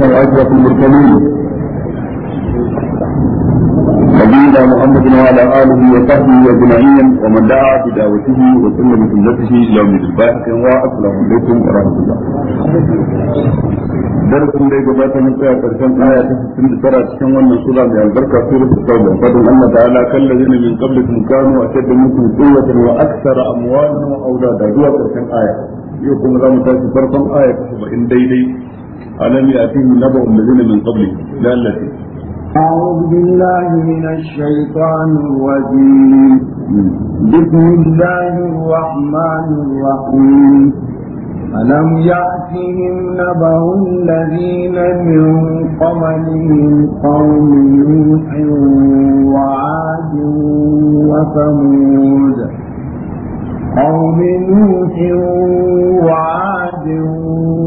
والعزوة المرسلين نبينا محمد وعلى آله وصحبه أجمعين ومن دعا بدعوته وسلم بسنته إلى يوم الدين باحثا والسلام عليكم ورحمة الله درس لي جبات من سيا ترشم آية تسلم بسرعة تشم والنصولة من البركة سورة التوبة فضل أن تعالى الذين من قبلكم كانوا أشد منكم قوة وأكثر أموالا وأولادا جوا ترشم آية يوكم رامو تاسي فرقم آية تسلم إن ألم يأتهم نبأ الذين من قبلهم لا التي أعوذ بالله من الشيطان الرجيم بسم الله الرحمن الرحيم ألم يأتهم نبأ الذين من قبلهم قوم نوح وعاد وثمود قوم نوح وعاد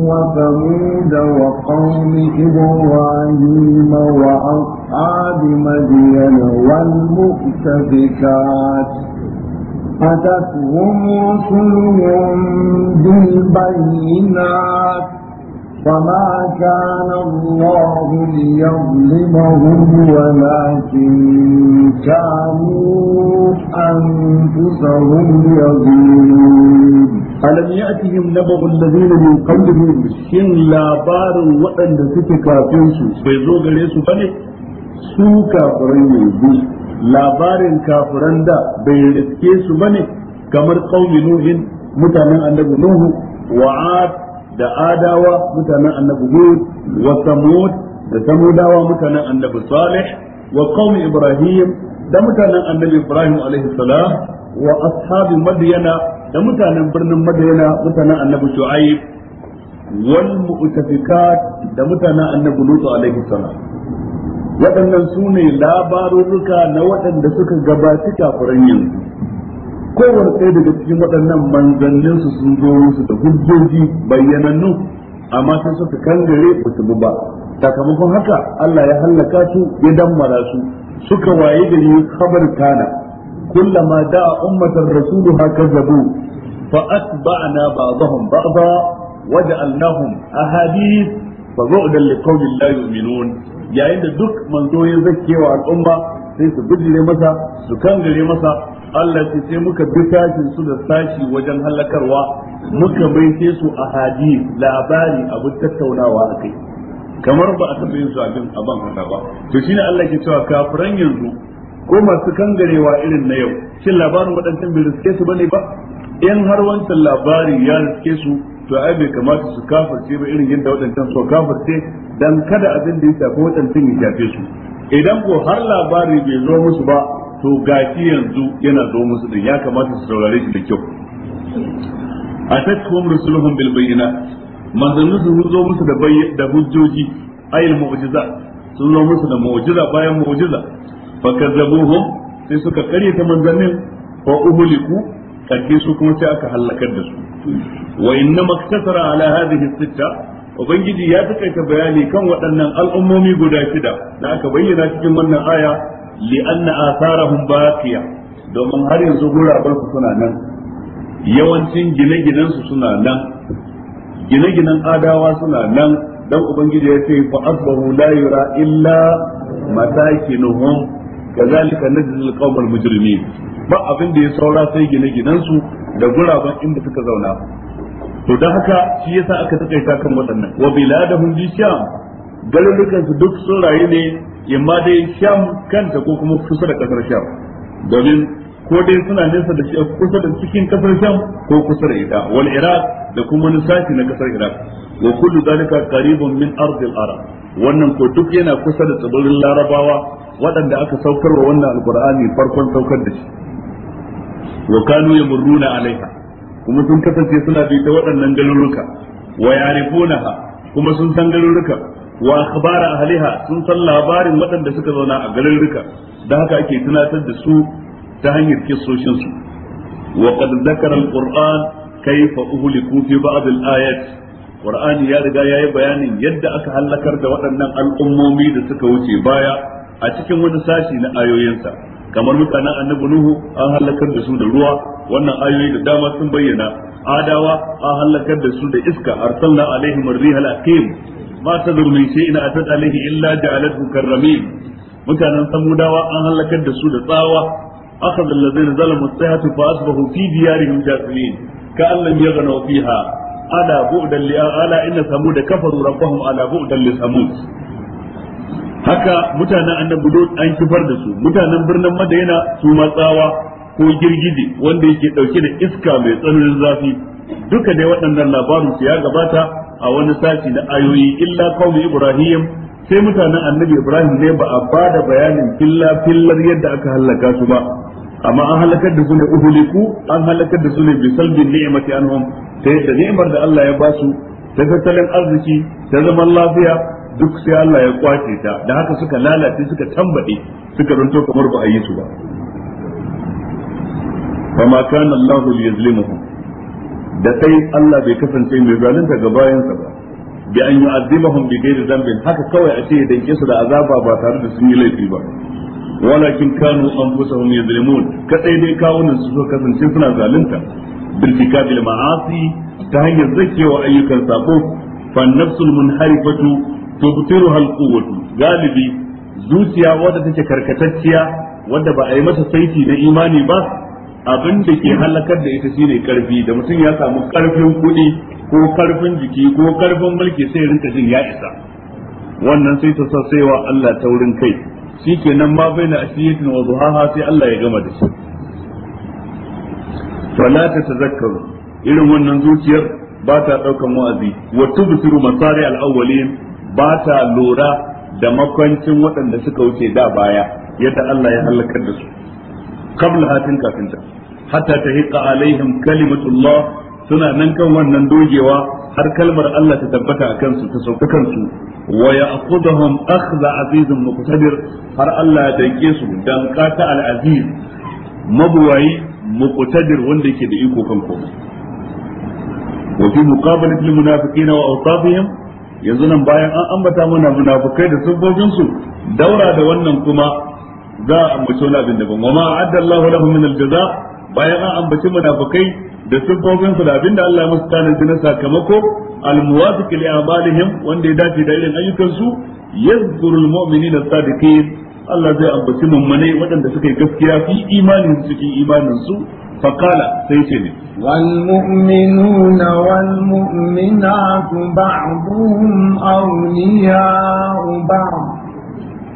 وثمود وقوم إبراهيم وأصحاب مدين والمؤتفكات أتتهم رسلهم بالبينات فما كان الله ليظلمهم ولكن كانوا أنفسهم يظلمون ألم يأتهم نبغ الذين من قبلهم شن لابار وأن تتكا فيسو بيزوغ ليسو فنك سوكا فرين بي labarin kafiran da bai riske su bane kamar qaumi nuhin mutanen annabi nuhu wa da adawa mutanen annabi hud wa samud da samudawa mutanen annabi salih wa qaumi ibrahim da mutanen annabi ibrahim alaihi salam wa ashabi madyana da mutanen birnin madyana mutanen annabi shu'aib wal mu'tafikat da mutanen annabi lutu alaihi salam waɗannan su ne labarurruka na waɗanda suka gabaci kafiran yanzu kowane ɗaya daga cikin waɗannan manzannin su sun zo musu da hujjoji bayyanannu amma sai suka kangare ba su ba sakamakon haka Allah ya hallaka su ya dammara su suka waye gari khabar kana kullama da'a ummatar rasulu hakazzabu fa atba'na ba'dahum ba'dha waja'alnahum ahadith fa bu'dan liqawmin la yu'minun yayin da duk manzo ya zakkewa al'umma sai su bidire masa su kangare masa Allah ce sai muka bi tashin su da sashi wajen halakarwa muka bai su a hadis labari abin tattaunawa a kai kamar ba a taɓa yin su abin ban haka ba to shine Allah ke cewa kafiran yanzu ko masu kangarewa irin na yau shin labarin waɗancan bai riske su bane ba in har wancan labari ya riske su to ai bai kamata su kafirce ba irin yadda waɗancan su kafirce dan kada abin da ya shafi waɗancan ya shafe su idan ko har labari bai zo musu ba to gashi yanzu yana zo musu din ya kamata su saurare shi da kyau A rusuluhum bil bayyinat manzannin su zo musu da da hujjoji ayil mu'jiza sun zo musu da mu'jiza bayan mu'jiza fakazzabuhum sai suka karya manzannin fa uhliku karshe su kuma sai aka halakar da su wa inna maktasara ala hadhihi sitta ubangiji ya takaita bayani kan waɗannan al'ummomi guda shida da aka bayyana cikin wannan aya li'anna atharahum baqiya domin har yanzu gurabar suna nan yawancin gine-ginen suna nan gine-ginen adawa suna nan dan ubangiji ya ce fa asbahu la yura illa matakinuhum kazalika najzil qawmal mujrimin ba abin da ya saura sai gine ginensu da guraben inda suka zauna to dan haka shi yasa aka takaita kan waɗannan wa biladahum bi sham garurukan su duk sun rayu ne imma dai sham kanta ko kuma kusa da kasar sham domin ko dai suna nesa da shi kusa da cikin kasar sham ko kusa da ita wal iraq da kuma wani sashi na kasar iraq wa kullu zalika qaribun min ardil arab wannan ko duk yana kusa da tsibirin larabawa waɗanda aka saukarwa wannan alqur'ani farkon saukar da shi wa kanu yamurruna alaiha kuma sun kasance suna bi ta waɗannan garuruka wa yarifunaha kuma sun san garuruka wa akhbara ahliha sun san labarin waɗanda suka zauna a garin rika da haka ake tunatar da su ta hanyar kissoshin su wa qad zakara alquran kayfa uhliku fi ba'd alayat qur'ani ya riga yayi bayanin yadda aka halakar da waɗannan al'ummomi da suka wuce baya a cikin wani sashi na ayoyinsa kamar mutanen annabi nuhu an halakar da su da ruwa wannan ayoyi da dama sun bayyana adawa an halakar da su da iska arsalna alaihim ar-rihal aqim ma tazur ina shay'in atat alayhi illa ja'alathu karramin mutanen samudawa an halakar da su da tsawa akhadha allazina zalamu sayhatu fa asbahu fi diyarihim jasimin ka'an lam yaghnaw fiha ala bu'dan li ala inna samuda kafaru rabbahum ala bu'dan li samud haka mutanen annabi Lut an kifar da su mutanen birnin Madaina, su matsawa ko girgidi wanda yake dauke da iska mai tsananin zafi duka dai waɗannan labarin su ya gabata a wani sashi na ayoyi illa qaumi ibrahim sai mutanen annabi ibrahim ne ba a ba da bayanin filla fillar yadda aka halaka su ba amma an halakar da su ne uhuliku an halakar da su ne bi salbin ni'mati anhum sai da ni'mar da Allah ya ba su ta tattalin arziki ta zaman lafiya duk sai Allah ya kwace ta da haka suka lalace suka tambade suka runto kamar ba a yi su ba فما كان الله ليظلمهم da sai Allah bai kasance mai zalunta ga bayansa ba bi an yu'azzibahum bi ghairi dhanbin haka kawai a ce danke su da azaba ba tare da sun yi laifi ba walakin kanu anfusahum yuzlimun kadai dai kawunan su suka kasance suna zalunta bil kitabil ma'asi ta hanyar zakewa ayyukan sako fa nafsul munharifatu tubtiruha al galibi zuciya wadda take karkatacciya wadda ba a yi mata saiti na imani ba abin da ke halakar da ita shine karfi da mutum ya samu karfin kuɗi ko karfin jiki ko karfin mulki sai rinka jin ya isa wannan sai ta sassewa Allah ta wurin kai shikenan ma baina asiyatin wa duhaha sai Allah ya gama da shi fala ta tazakkaru irin wannan zuciyar ba ta daukan wa'azi wa tubsiru masari al-awwalin ba ta lura da makwancin waɗanda suka wuce da baya yadda Allah ya halakar da su qabla hatin kafin ta hatta tahiqqa alaihim kalimatullah suna nan kan wannan dogewa har kalmar Allah ta tabbata akan su ta sauka kansu wa ya'khudhum akhdha azizun muqtadir har Allah ya danke su dan qata al-aziz mabuwayi muqtadir wanda yake da iko kan komai wa fi muqabalati lil munafiqina yanzu nan bayan an ambata mana munafukai da sufofin daura da wannan kuma za a ambaci wani abin daban wa ma adda Allahu lahum min jaza bayan an ambaci munafukai da siffofin su da abin da Allah ya musu tanin na sakamako al-muwafiq li amalihim wanda ya dace da irin ayyukan su yadhkuru al-mu'minina as-sadiqin Allah zai ambaci mummune waɗanda suka yi gaskiya fi imanin su cikin imanin su فقال سيسني والمؤمنون والمؤمنات بعضهم أولياء بعض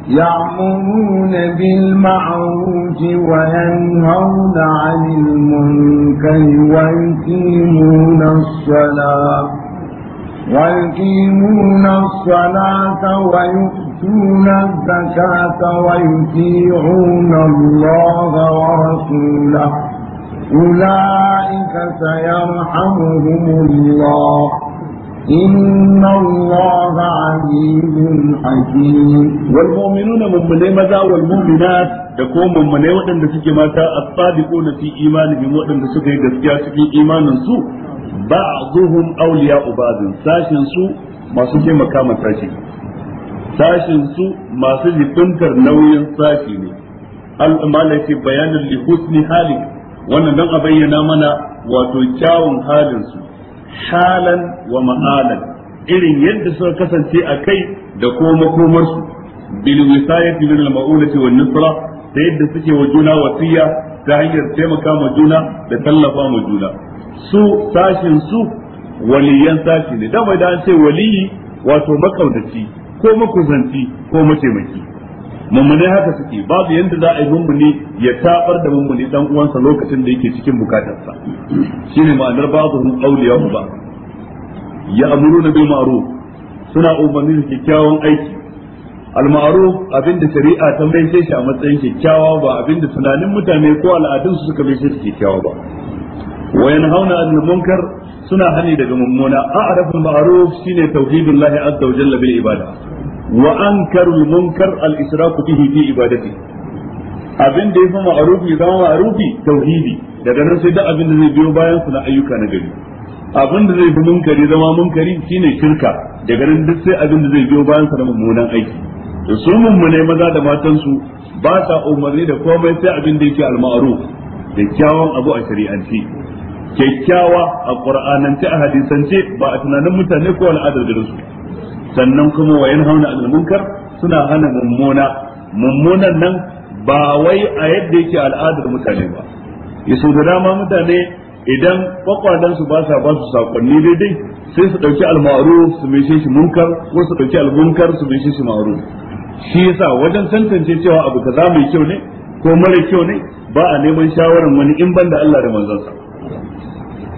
يأمرون بالمعروف وينهون عن المنكر ويقيمون الصلاة ويقيمون الصلاة ويؤتون الزكاة ويطيعون الله ورسوله أولئك سيرحمهم الله Ina ruwa za a yi min haƙƙi. Walmomin nuna maza, walmomina da ko mummunai waɗanda suke masa a faɗi ko na fi imanin waɗanda suka yi gaskiya, cikin imaninsu ba'a zuhun auliya ubaɗin. Sashinsu masu taimaka mata shi. Sashinsu masu liɗuntar nauyin sashi ne. Al'ummala ke bayyanar Likus ni halin, wannan don a bayyana mana, wato kyawun halin su halan wa ma'alan irin yadda suka kasance a kai da kuma makomarsu bil wisayati min al ma'unati wan nusra da yadda suke wa juna wasiya ta hanyar taimaka ma juna da tallafa ma juna su tashin su waliyan sashi ne dama da an ce waliyi wato makaudaci ko makuzanci ko mataimaki mummune haka suke babu yadda za a yi mummune ya tabar da mummune dan uwansa lokacin da yake cikin bukatarsa shine ma'anar ba'dhum awliya ba ya na bil ma'ruf suna umarni da kyakkyawan aiki al ma'ruf abinda shari'a ta bayyana shi a matsayin kyakkyawa ba abinda tunanin mutane ko al'adun su suka bayyana shi kyakkyawa ba wa yanhauna 'anil munkar suna hani daga mummuna a'raful ma'ruf shine tauhidullahi azza wa jalla bil ibada wa ankarul munkar al israku bihi fi ibadati abin da yafi ma'rufi zama ma'rufi tauhidi daga nan sai da abin da zai biyo bayan su na ayyuka na gari abin da zai fi munkari zama munkari shine shirka daga nan duk sai abin da zai biyo bayan sa na mummunan aiki da su mummune maza da matansu ba sa umarni da komai sai abin da yake almaru da kyawun abu a shari'ance kyakkyawa a ƙur'anance a hadisance ba a tunanin mutane ko al'adar da su sannan kuma wa hauna 'anil munkar suna hana mummuna mummunan nan ba wai a yadda yake al'adar mutane ba yaso da dama mutane idan kwakwadan su ba sa ba su sakonni daidai sai su dauki almaru su mai shi munkar ko su dauki almunkar su mai shi maru shi yasa wajen tantance cewa abu kaza mai kyau ne ko mara kyau ne ba a neman shawaran wani in banda Allah da manzansa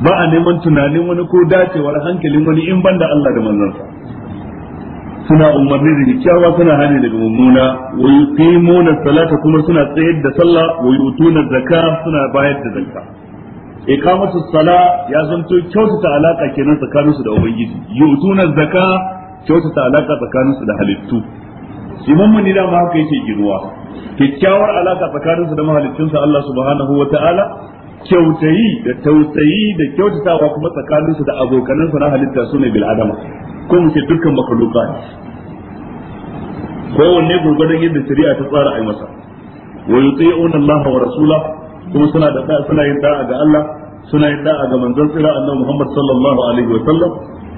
ba a neman tunanin wani ko dacewar hankalin wani in banda Allah da manzansa suna umarni da kyakkyawa suna hane daga mummuna wa yuqimuna salata kuma suna tsayar da sallah wa yutuna zakka suna bayar da zakka iqamatu sala ya zanto kyautata alaka kenan tsakanin su da ubangiji yutuna zakka kyautata alaka tsakanin su da halittu shi mummuni da ma haka yake giruwa kyakkyawar alaka tsakanin su da mahaliccin sa Allah subhanahu ta'ala kyautayi da tausayi da kyautatawa kuma tsakaninsu da abokanansu na halitta su ne bil adama ko mu ce dukkan makaluka kowanne gurgurdan yadda shari'a ta tsara ai masa wa yuti'una Allah wa rasula kuma suna da suna yin da'a ga Allah suna yin da'a ga manzon tsira annabi Muhammad sallallahu alaihi wa sallam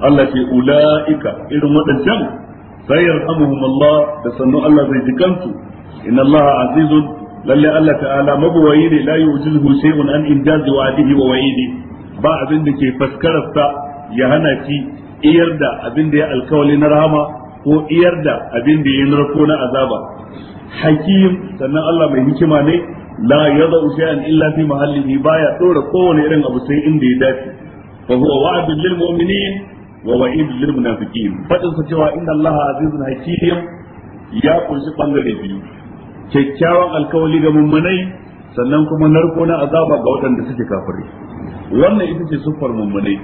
Allah ce ulaika irin waɗancan sai yarhamuhum Allah da sannu Allah zai jikansu inna Allah azizun lalle Allah ta'ala mabawayi ne la yujizu shay'un an injazi wa'dihi wa wa'idi ba abin da ke faskararsa ya hana shi iyar da abin da ya alkawali na rahama ko iyar da abin da ya narko na azaba hakim sannan Allah mai hikima ne la yadau shay'an illa fi mahallihi baya dora kowane irin abu sai inda ya dace fa huwa wa'dun lil mu'minin wa wa'idun lil munafiqin fadin sa cewa inna Allah azizun hakim ya kunshi bangare biyu kyakkyawan alkawali ga mummunai sannan kuma narko na azaba ga waɗanda suke kafiri wannan ita ce siffar mummunai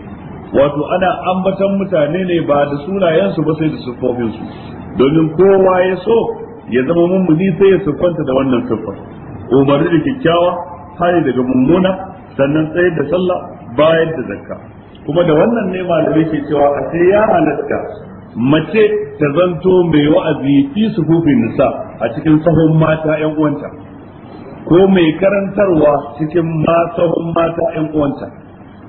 wato ana ambatan mutane ne ba da sunayensu ba sai da siffofinsu domin kowa ya so ya zama mummuni sai ya siffanta da wannan siffar umarni da kyakkyawa hari daga mummuna sannan tsayar da sallah bayar da zakka kuma da wannan ne malamai ke cewa a sai ya halatta mace ta zanto mai wa'azi fi sufufin nisa a cikin sahun mata yan uwanta ko mai karantarwa cikin sahun mata yan uwanta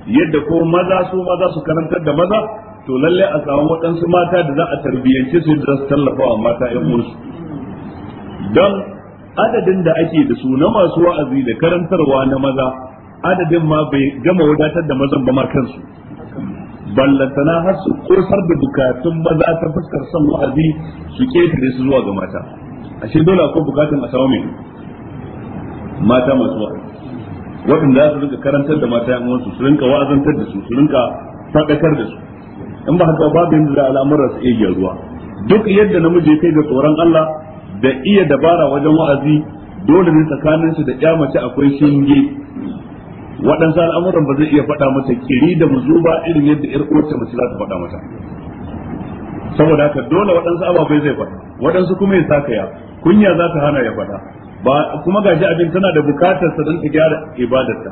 yadda ko maza su maza su karantar da maza to lalle a samu waɗansu mata da za a tarbiyyance su da su tallafa wa mata yan uwansu don adadin da ake da su na masu wa'azi da karantarwa na maza adadin ma bai gama wadatar da mazan ba ma kansu ballantana har su kosar da bukatun maza ta fuskar son wa'azi su ketare su zuwa ga mata ashe dole ko bukatun a samu mai mata masu wa'azi waɗanda za su rinka karantar da mata yan uwansu su rinka wa'azantar da su su rinka faɗakar da su in ba haka babu yadda da al'amuran su iya gyaruwa duk yadda namiji ya kai ga tsoron Allah da iya dabara wajen wa'azi dole ne tsakaninsu da ƴa mace akwai shinge waɗansu al'amuran ba zai iya faɗa mata kiri da muzu ba irin yadda ƴar uwarta mace za ta faɗa mata saboda haka dole waɗansu ababai zai faɗa waɗansu kuma ya ya kunya za ta hana ya faɗa ba kuma shi abin tana da bukatar sa don ta gyara ibadarta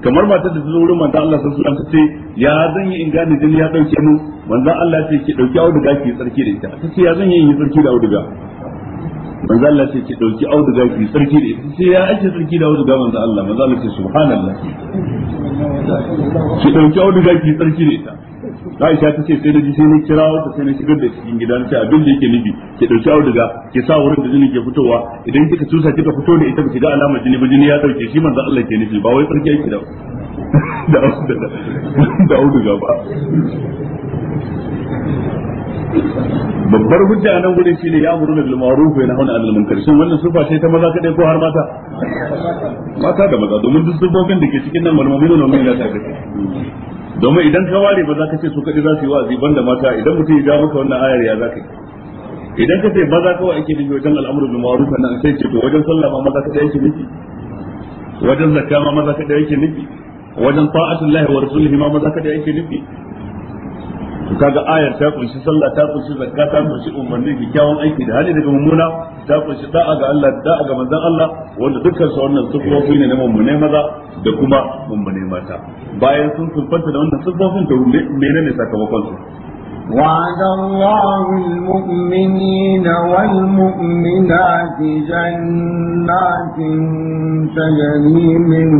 kamar matar da ta zo wurin manzo Allah sallallahu alaihi wasallam ta ce ya zan yi in gane jini ya dauke mu manzo Allah ce ki dauki auduga ki tsarki da ita ta ce ya zan yi in yi tsarki da auduga manzo Allah ce ki dauki auduga ki sarki da ita sai ya ake sarki da auduga manzo Allah manzo Allah ce subhanallah ki dauki auduga ki sarki da ita Aisha ta ce sai da sai na kira ta sai na shigar da cikin gidan ta abin da yake nufi ki dauki auduga ki sa wurin da jini ke fitowa idan kika tusa kika fito da ita ki ga alamar jini ba jini ya dauke shi manzo Allah ke nufi ba wai sarki yake da da auduga ba babbar hujja a nan shi ne ya muru da bilmaru wa yana 'anil adalmin karshen wannan sufa ce ta maza kadai ko har mata mata da maza domin duk sufofin da ke cikin nan wal mu'minuna na mu'minat ta gaske. domin idan ka ware ba za ka ce su kadai za su yi wa'azi banda mata idan mutum ya ja maka wannan ayar ya za ka yi idan ka ce maza wa ake nufi wajen al'amuru bilmaru ma'ruf nan sai ce to wajen sallah ma maza kadai yake nufi wajen zakka ma maza kadai yake nufi wajen fa'atullahi wa rasulihi ma maza kadai yake nufi kaga ayar ta kunshi sallah ta kunshi zakka ta kunshi umarni da kyawun aiki da hali daga mummuna ta kunshi da'a ga Allah da'a ga manzon Allah wanda dukkan su wannan sufofi ne na mummune maza da kuma mummune mata bayan sun sunfanta da wannan sufofin to menene sakamakon su وعد الله المؤمنين والمؤمنات جنات تجري من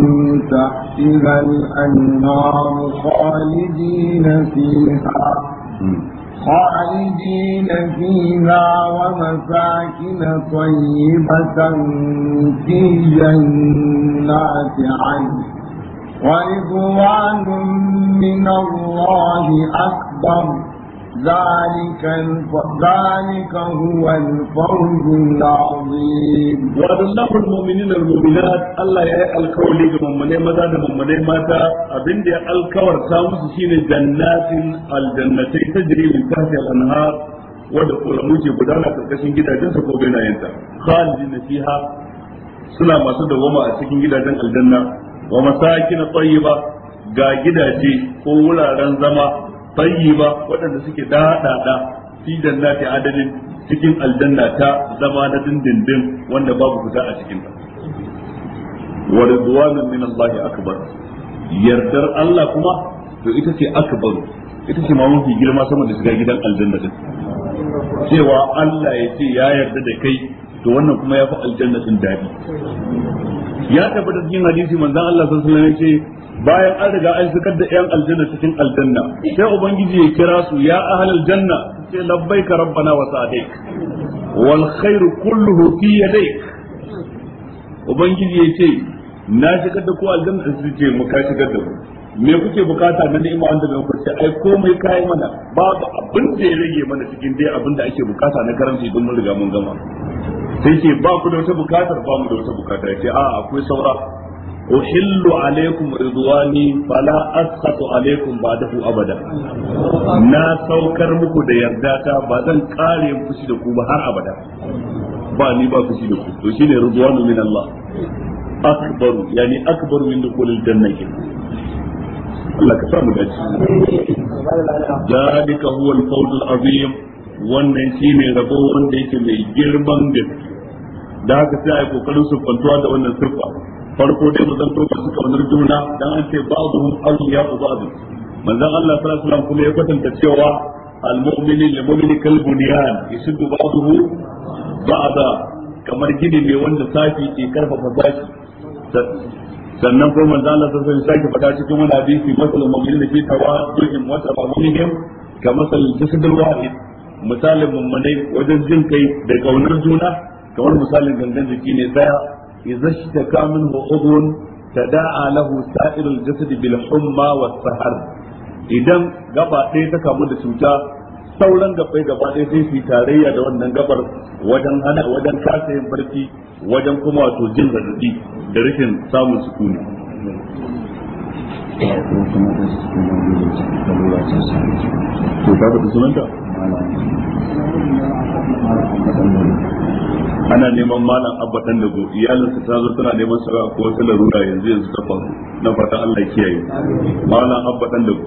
تحتها الأنهار خالدين فيها خالدين فيها ومساكن طيبة في جنات عدن ورضوان من الله أكبر ذلك الف... ذلك هو الفوز العظيم وعدناه المؤمنين المؤمنات الله يا الكون لي ممن ما ذا ما ذا ابين دي الكور تامس جنات الجنتين تجري من تحتها الانهار wanda kuramu ke gudana karkashin gidajensa ko benayenta khalidin fiha suna masu dawama a cikin gidajen aljanna wa masakin tayyiba ga gidaje ko wuraren zama tayyiba waɗanda suke daɗaɗa fi jannati adalin cikin aljanna ta zama na dindindin wanda babu fita a cikin ta wa ridwanun min Allah akbar yardar Allah kuma to ita ce akbar ita ce ma mafi girma sama da shiga gidan aljanna din cewa Allah ya ce ya yarda da kai to wannan kuma ya fi aljanna din dadi ya tabbata cikin hadisi manzon Allah sallallahu alaihi wasallam ya ce bayan an riga an shigar da yan aljanna cikin aljanna sai ubangiji ya kira su ya ahal janna sai labbaika rabbana wa sa'daik wal khairu kulluhu fi yadayk ubangiji ya ce na shigar da ku aljanna da su ce mu ka shigar da ku me kuke bukata na ni'ima wanda bai kurce ai komai kai mana babu abin da ya rage mana cikin dai abin da ake bukata na karanci don mun riga mun gama sai ce ba ku da wata bukatar ba mu da wata bukata ya ce a akwai saura أحل عليكم رضواني فلا أسخط عليكم بعده أبدا نا سوكر مكو دي يرداتا بعدن كاري يمكسدكو دكو أبدا باني باكسدكو كسي رضوان من الله أكبر يعني أكبر من دخول الجنة الله كسام ذلك هو الفوز العظيم وان نسيني ne rabo wanda yake mai girman gaske da haka sai a yi kokarin siffantuwa da wannan siffa farko dai mu ka suka kaunar juna dan an ce ba'dhum awliya ba'd manzon Allah sallallahu alaihi wasallam kuma ya kwatanta cewa al-mu'minu lil-mu'mini kal bunyan yashuddu ba'duhu ba'da kamar gini ne wanda safi ke karfafa zaki sannan kuma manzo Allah sai sai sake fada cikin wani hadisi masalan mu'minin da ke tawa cikin wata ba ne kamar masalan jasadul wahid misalin mummunai wajen jin kai da kaunar juna kamar misalin gangan jiki ne daya idza ishtaka minhu udhun tada'a lahu sa'irul jasad bil humma sahar idan gaba ɗaya ta kamu da cuta sauran gabai gaba ɗaya sai su tarayya da wannan gabar wajen hana wajen kasa yin barci wajen kuma wato jin zazzabi da rashin samun sukuni to ka sunanta ana neman malam abatan da go iyalinsa ta zo tana neman sara ko wata larura yanzu yanzu ta faru na fata Allah ya kiyaye malam abatan da go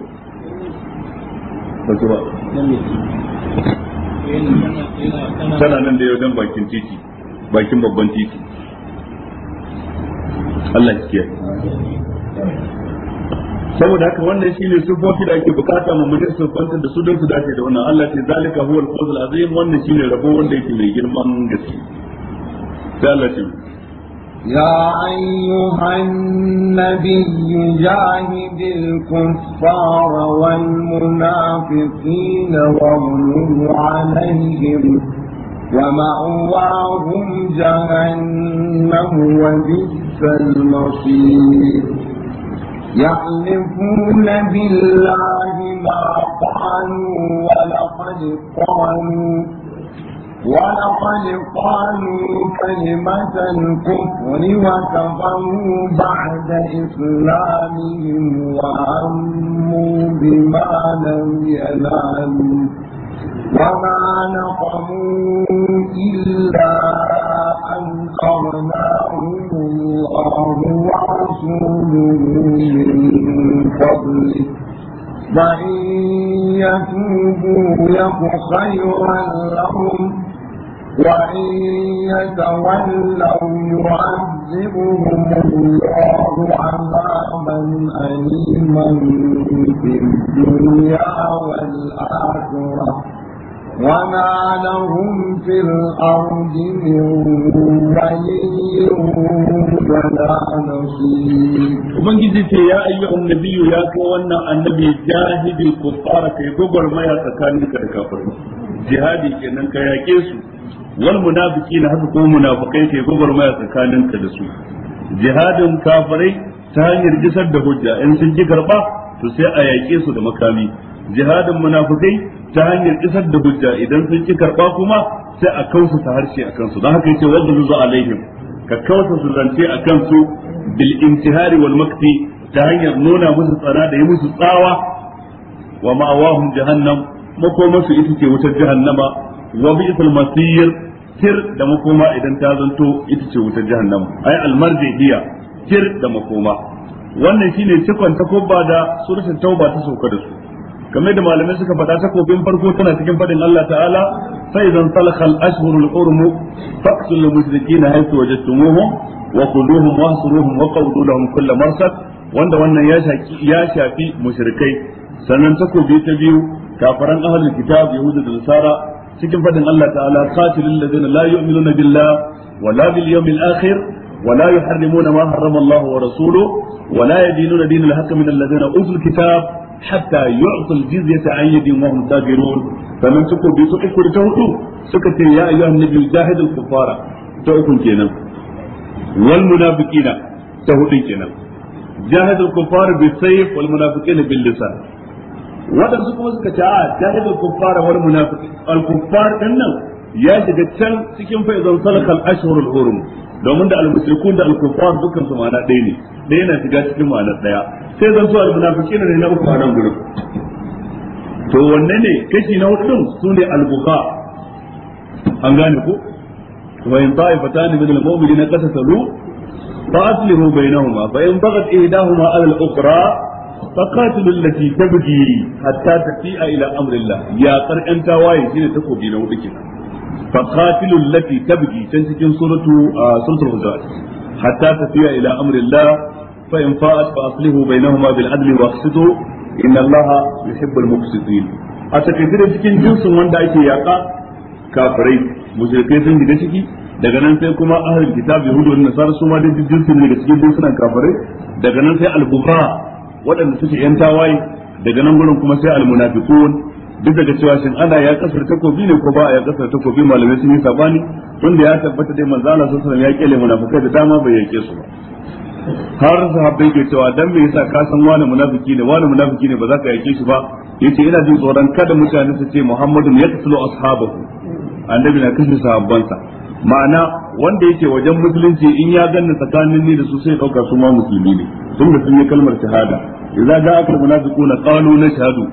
tana nan da yau bakin titi bakin babban titi Allah ya kiyaye saboda haka wannan shine sufofi da ake bukata mu mun fanta da su don su dace da wannan Allah ce zalika huwal fawzul azim wannan shine rabo wanda yake mai girman gaske sai Allah ce يا أيها النبي جاهد الكفار والمنافقين واغلظ عليهم ومأواهم جهنم وبئس المصير يحلفون بالله ما قالوا ولقد قالوا ولقد قالوا كلمة الكفر وكفروا بعد إسلامهم وهموا بما لم ينالوا وما نقموا إلا أن أغناهم الأرض ورسوله من فضله وإن يتوبوا يك خيرا لهم وإن يتولوا يعذبهم الله عذابا أليما في الدنيا والآخرة Wana nan rumfe a'udininku, wanyiyar mu daga na'uzi? Kuma ya ayyo wannan Annabi'u ya jihar kai gwagwarmaya tsakaninka da kafare. Jihar ka yake su, wani muna biƙi na haɗu kuma muna baka kai tsakanin ka da su. jihadin kafare ta hanyar gisar da hujja, in sun ji garba to sai a yake su da makami. jihadin munafikai ta hanyar isar da hujja idan sun ki karba kuma sai a kausa ta harshe a kansu. don haka yace wanda zuzu alaihim ka kausa su zance a su bil intihari wal makti ta hanyar nuna musu tsana da yi musu tsawa wa ma'awahum jahannam makoma su ita ce wutar jahannama wa bi'sal masir kir da makoma idan ta zanto ita ce wutar jahannama ay al marjihiya da makoma wannan shine cikon takobba da suratul tauba ta sauka da su kamar da malamai suka faɗa takobin farko tana cikin faɗin Allah ta'ala sai fa idan talakha al-ashhurul hurum faqtul mushrikeena haythu wajadtumuhum wa quluhum wa hasuruhum wa qawdu lahum kull marsad wanda wannan ya shafi ya shafi mushrikai sannan takobi ta biyu kafaran ahlul kitab yahudu da nasara cikin faɗin Allah ta'ala qatilul ladina la yu'minuna billah wa la bil yawmil akhir ولا يحرمون ما حرم الله ورسوله ولا يدينون دين الحق من الذين اوتوا الكتاب hatta yu'tul jizyata an yadin wa hum sabirun sannan suka bi su uku ta hudu suka ce ya ayyuhan nabiyyu jahidul kuffara ta uku kenan wal munafiqina ta hudu kenan jahidul kuffara bi sayf wal kuma kuffara al kuffar nan ya shiga can cikin faizan salakal ashhurul hurum domin da almusrikun da alkufar dukkan su ma'ana ɗaya ne ɗaya na shiga cikin ma'ana ɗaya sai zan so almunafiqina ne na uku a nan gurin to wanne ne kashi na hudu sune albuqa an gane ku? wa in ta'ifatan min almu'minina qatatalu fa aslihu bainahuma fa in baghat ihdahuma ala al-ukhra فقاتلوا التي تبغي حتى تفيء الى امر الله يا قرئن تواي شنو na لو دكنا fa qatilul lati tabghi can cikin suratu suratul hujurat hatta tafiya ila amrillah fa in fa'at fa aslihu bainahuma bil adli wa inna allaha yuhibbul muqsitin a takaice cikin jinsin wanda ake yaka kafirai mushrikai sun gida ciki daga nan sai kuma ahlul kitab yahudu da nasara su ma da jinsin ne cikin jinsunan kafirai daga nan sai al waɗanda suke yan tawaye daga nan gurin kuma sai al-munafiqun duk daga cewa shin ana ya kasar takobi ne ko ba a ya kasar takobi malamai sun yi sabani tunda ya tabbata dai manzo Allah sallallahu alaihi wasallam ya kele munafikai da dama bai yake su ba har sahabbai ke cewa dan me yasa ka san wani munafiki ne wani munafiki ne ba za ka yake shi ba yace ina jin tsoron kada mutane su ce Muhammadu ya tsulo ashabahu annabi na kashe sahabbansa ma'ana wanda yake wajen musulunci in ya ganni tsakanin ni da su sai dauka su ma musulmi ne sun da sun yi kalmar shahada idza ja'a al munafiquna qalu shahadu.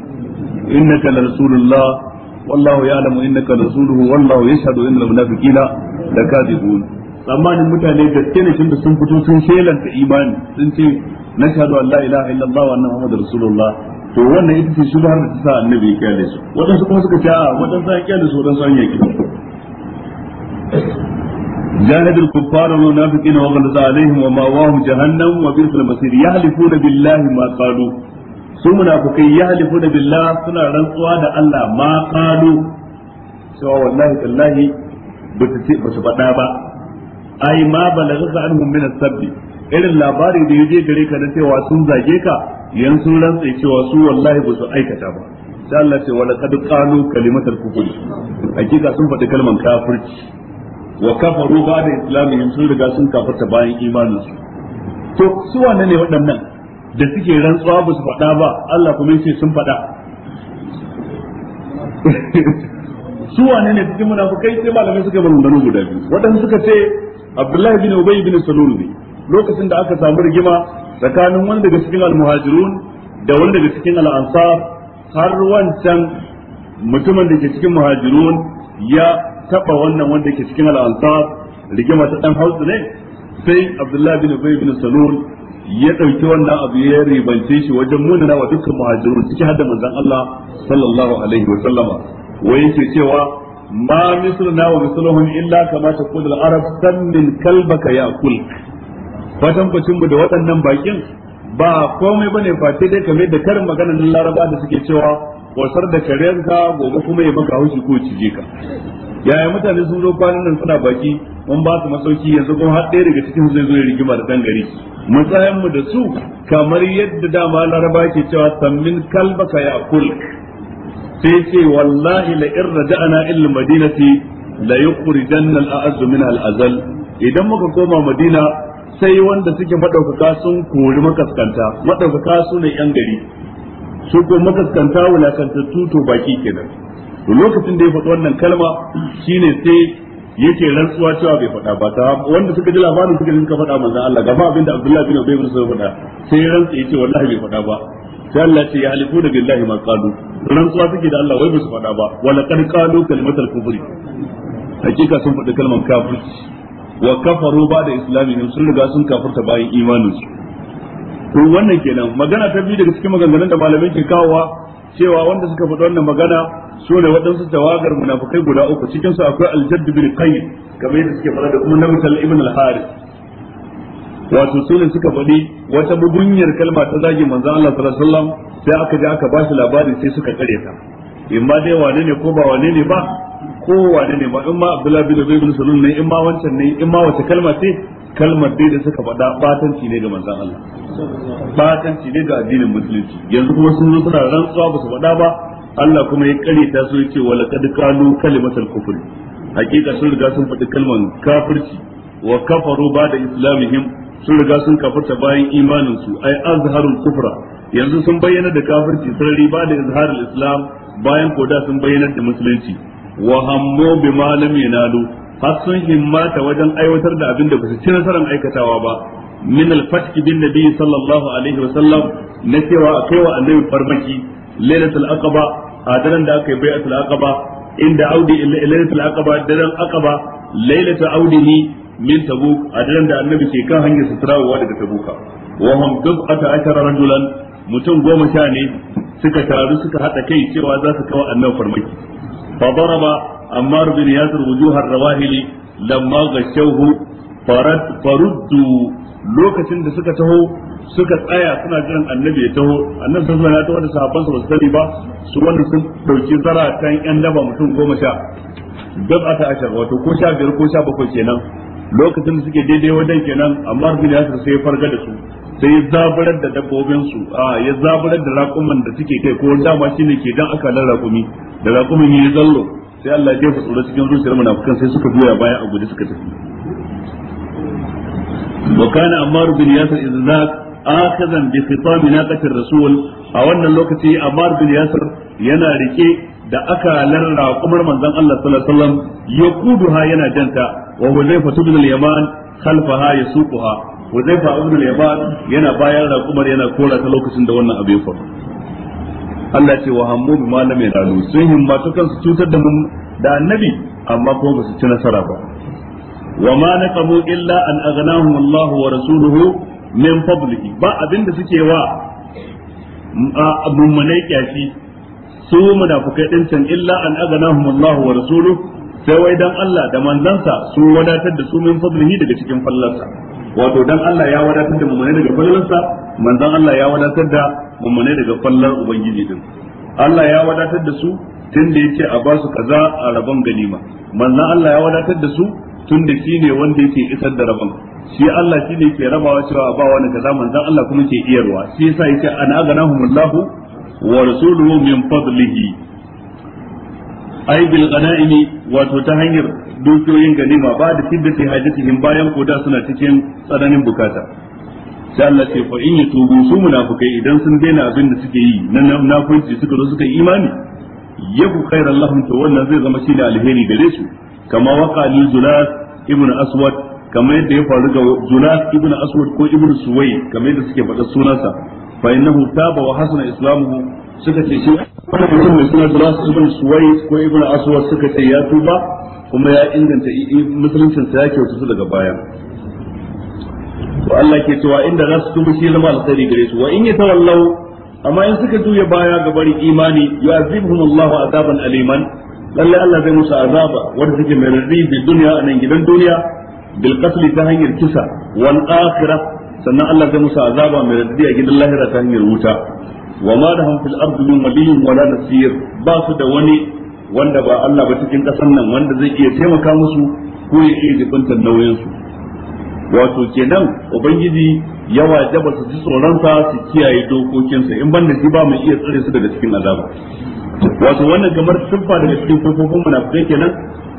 innaka la rasulullah wallahu ya'lamu innaka rasuluhu wallahu yashhadu innal munafiqina lakadibun tsammanin mutane da keneshin da sun fito sun shelanta imani sun ce na shahadu an la ilaha illallah wa to wannan ita ce shi da sa annabi ya kyale su waɗansu kuma suka ce a waɗansu ya kyale su waɗansu an yaki جاهد الكفار والمنافقين وغلظ عليهم ومأواهم جهنم وبئس المصير يحلفون بالله ما قالوا su munafukai ya halifu da billah suna rantsuwa da Allah ma kalu cewa wallahi tallahi ba su faɗa ba ai ma balagaka anhum min as-sabbi irin labari da yaje gare ka na cewa sun zage ka yan sun rantsa cewa su wallahi ba su aikata ba sai Allah ce wala kad qalu kalimatul kufri hakika sun faɗi kalman kafirci wa kafaru da islamin sun riga sun kafarta bayan imaninsu to su wane ne waɗannan da suke rantsuwa ba su faɗa ba Allah kuma yace sun faɗa su wane ne cikin munafukai sai malamai suka bar rundano guda biyu wadanda suka ce Abdullahi bin Ubay bin Salul ne lokacin da aka samu rigima tsakanin wani daga cikin al-muhajirun da wani daga cikin al-ansar har wancan mutumin da ke cikin muhajirun ya taba wannan wanda ke cikin al-ansar rigima ta dan hausu ne sai Abdullahi bin Ubay bin Salul ya ɗauki wannan abu ya ribance shi wajen munana wa dukkan muhajirun ciki hadda manzon Allah sallallahu alaihi wa sallama wai yake cewa ma misluna wa misluhum illa kama taqul al-arab sammin kalbaka Fatan bacin mu da waɗannan bakin ba komai bane face dai kamar da karin magana na laraba da suke cewa wasar da karenka gobe kuma ya maka haushi ko cije ka yaya mutane sun zo kwanan nan suna baki mun ba su masauki yanzu kuma har ɗaya daga cikin zai zo ya rigima da ɗan gari mu mu da su kamar yadda dama laraba ke cewa sammin ka ya kul sai ce wallahi la in raja'ana illa madinati la yukhrijanna al min idan muka koma madina sai wanda suke madaukaka sun kori makaskanta madaukaka su ne yan gari su ko makaskanta wulakantattu to baki kenan to lokacin da ya faɗi wannan kalma shine sai yake rantsuwa cewa bai faɗa ba ta wanda suka ji labarin suka rinka faɗa manzon Allah gaba abinda Abdullahi bin Ubay bin faɗa sai ya rantsa yace wallahi bai faɗa ba sai Allah ce ya halifu da billahi ma qalu rantsuwa suke da Allah wai ba su faɗa ba wala kan qalu kalimatal kufri hakika sun faɗi kalmar kafirci wa kafaru ba da ne sun riga sun kafirta bayan imaninsu to wannan kenan magana ta biyu daga cikin maganganun da malamai ke kawowa cewa wanda suka faɗi wannan magana su ne waɗansu tawagar munafukai guda uku cikin su akwai aljaddu bin qayyim kamar yadda suke faɗa da kuma namtal ibn al-harith wato su ne suka faɗi wata bugunyar kalma ta zagi manzon Allah sallallahu alaihi wasallam sai aka je aka ba shi labari sai suka kare ta in ma dai wane ne ko ba wane ne ba ko wane ne ma in ma Abdullah bin Ubay bin Salul ne in ma wancan ne in ma wata kalma ce kalmar dai da suka faɗa batanci ne ga manzon Allah batanci ne ga addinin musulunci yanzu kuma sun zo suna rantsuwa ba su faɗa ba Allah kuma ya kare ta so yace wala kad kalu kalimatul kufr hakika sun riga sun faɗi kalmar kafirci wa kafaru ba da islamihim sun riga sun kafarta bayan imanin su ai azharul kufra yanzu sun bayyana da kafirci sarari ba da azharul islam bayan koda sun bayyana da musulunci wa hammu bima lam yanalu har sun himmata wajen aiwatar da abin da ba ci nasarar aikatawa ba min al-fatki bin nabi sallallahu alaihi wa sallam na cewa a kaiwa annabi farmaki lailatul aqaba a daren da aka yi bai'atul aqaba inda audi lailatul aqaba daren aqaba lailatul audihi min tabuk a daren da annabi ke kan hanyar sutrawa daga tabuka wa hum tub'ata ashara rajulan mutum goma sha ne suka taru suka hada kai cewa za su kawo annabi farmaki fa daraba ammar bin yasir wujuhar rawahili lamma gashawhu farad faruddu lokacin da suka tsaya suna jiran annabi ya taho annabi sun zana ta wanda sahabban su basu sani ba su wanda sun dauki kan yan daba mutum goma sha a ashar wato ko sha biyar ko sha bakwai kenan lokacin da suke daidai wajen kenan amma bin yasir sai ya farga da su sai ya zaburar da dabbobin su a ya zaburar da raƙuman da suke kai ko dama shine ke dan aka lara raƙumi da raƙumin ya zallo sai Allah ya jefa tsoro cikin zuciyar munafikan sai suka juya baya a guje suka tafi wa kana ammar bin yasir idzak akhazan bi khitab naqatir rasul a wannan lokaci ammar bin yasir yana rike da akalar raƙumar manzon Allah sallallahu alaihi wasallam yaquduha yana janta wa huzaifa ibn al-yaman khalfaha yasuquha huzaifa ibn al-yaman yana bayan raƙumar yana kora ta lokacin da wannan abu ya faru Allah ce wa hammu bi ma lam yanalu sun himmatu kan su cutar da mun da annabi amma ko ba su ci nasara ba wa ma naqabu illa an aghnahum Allah wa rasuluhu min fadlihi ba abinda suke wa mummunai kyashi su fuka din can illa an aghnahum Allah wa rasuluhu sai wai dan Allah da manzansa su wadatar da su min fadlihi daga cikin fallarsa wato dan Allah ya wadatar da mummune daga falalarsa manzon Allah ya wadatar da mummune daga fallar ubangiji din Allah ya wadatar da su tun da yake a basu kaza a rabon ganima manzon Allah ya wadatar da su tun da shi ne wanda yake isar da rabon shi Allah shi ne ke rabawa cewa a ba wani kaza manzon Allah kuma ke iyarwa shi yasa yake an aganahumullahu wa rasuluhu min fadlihi ay bil ghanaimi wato ta hanyar dukiyoyin ganima ba da shiddati in bayan koda da suna cikin tsananin bukata sai Allah ce fa in yatubu su munafikai idan sun daina abin da suke yi na munafiki suka zo suka yi imani yabu khairan lahum to wannan zai zama shi da alheri gare su kama waqa zulas ibnu aswad kama yadda ya faru ga zulas ibnu aswad ko ibnu suwai kama yadda suke faɗa sunansa fa innahu taba wa hasana islamuhu suka ce shi wannan mutum mai suna Duras ibn Suwaid ko ibn Aswad suka ce ya tuba kuma ya inganta musuluncin sa ya kyautu daga baya to Allah ke cewa inda za su tuba shi zama alkhairi gare su wa in yatawallau amma in suka juya baya ga bari imani yu'azibuhum Allah azaban aliman lalle Allah zai musu azaba wanda suke mai rarri bi duniya a nan gidan duniya bil qatl ta hanyar kisa wal akhirah sannan Allah zai musu azaba mai raddi a gidan lahira ta hanyar wuta wa ma da hum fil min waliyyin wala nasir ba su da wani wanda ba Allah ba cikin kasan nan wanda zai iya taimaka musu ko ya iya jibantar nauyin su wato kenan ubangiji ya wajaba su ji tsoron sa su kiyaye dokokinsa in banda shi ba mu iya tsare su daga cikin azaba wato wannan kamar siffa daga cikin kofofin munafikai kenan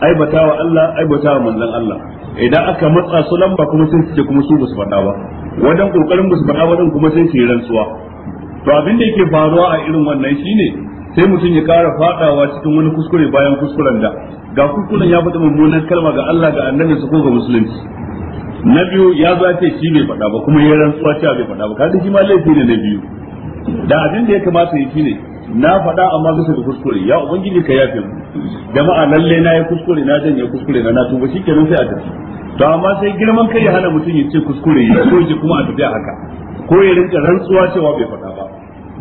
aibata wa Allah aibata wa manzon Allah idan aka matsa su lamba kuma sun ce kuma su bus faɗa ba wajen kokarin bus faɗa wajen kuma sun ce rantsuwa to abin da yake faruwa a irin wannan shine sai mutum ya kara fadawa cikin wani kuskure bayan kuskuren da ga kuskuren ya faɗi mummunan kalma ga Allah ga annabi su ko ga musulunci na biyu ya zace shi bai faɗa ba kuma ya rantsuwa cewa bai faɗa ba kaga shi ma laifi ne na biyu da abin da ya kamata yi ne na faɗa amma zai da kuskure ya ubangiji ka yafe mu jama'a lalle na yi kuskure na janye kuskure na na tuba shikenan sai a tafi to amma sai girman kai ya hana mutum ya ce kuskure ya so ji kuma a tafi haka ko ya rinka rantsuwa cewa bai faɗa ba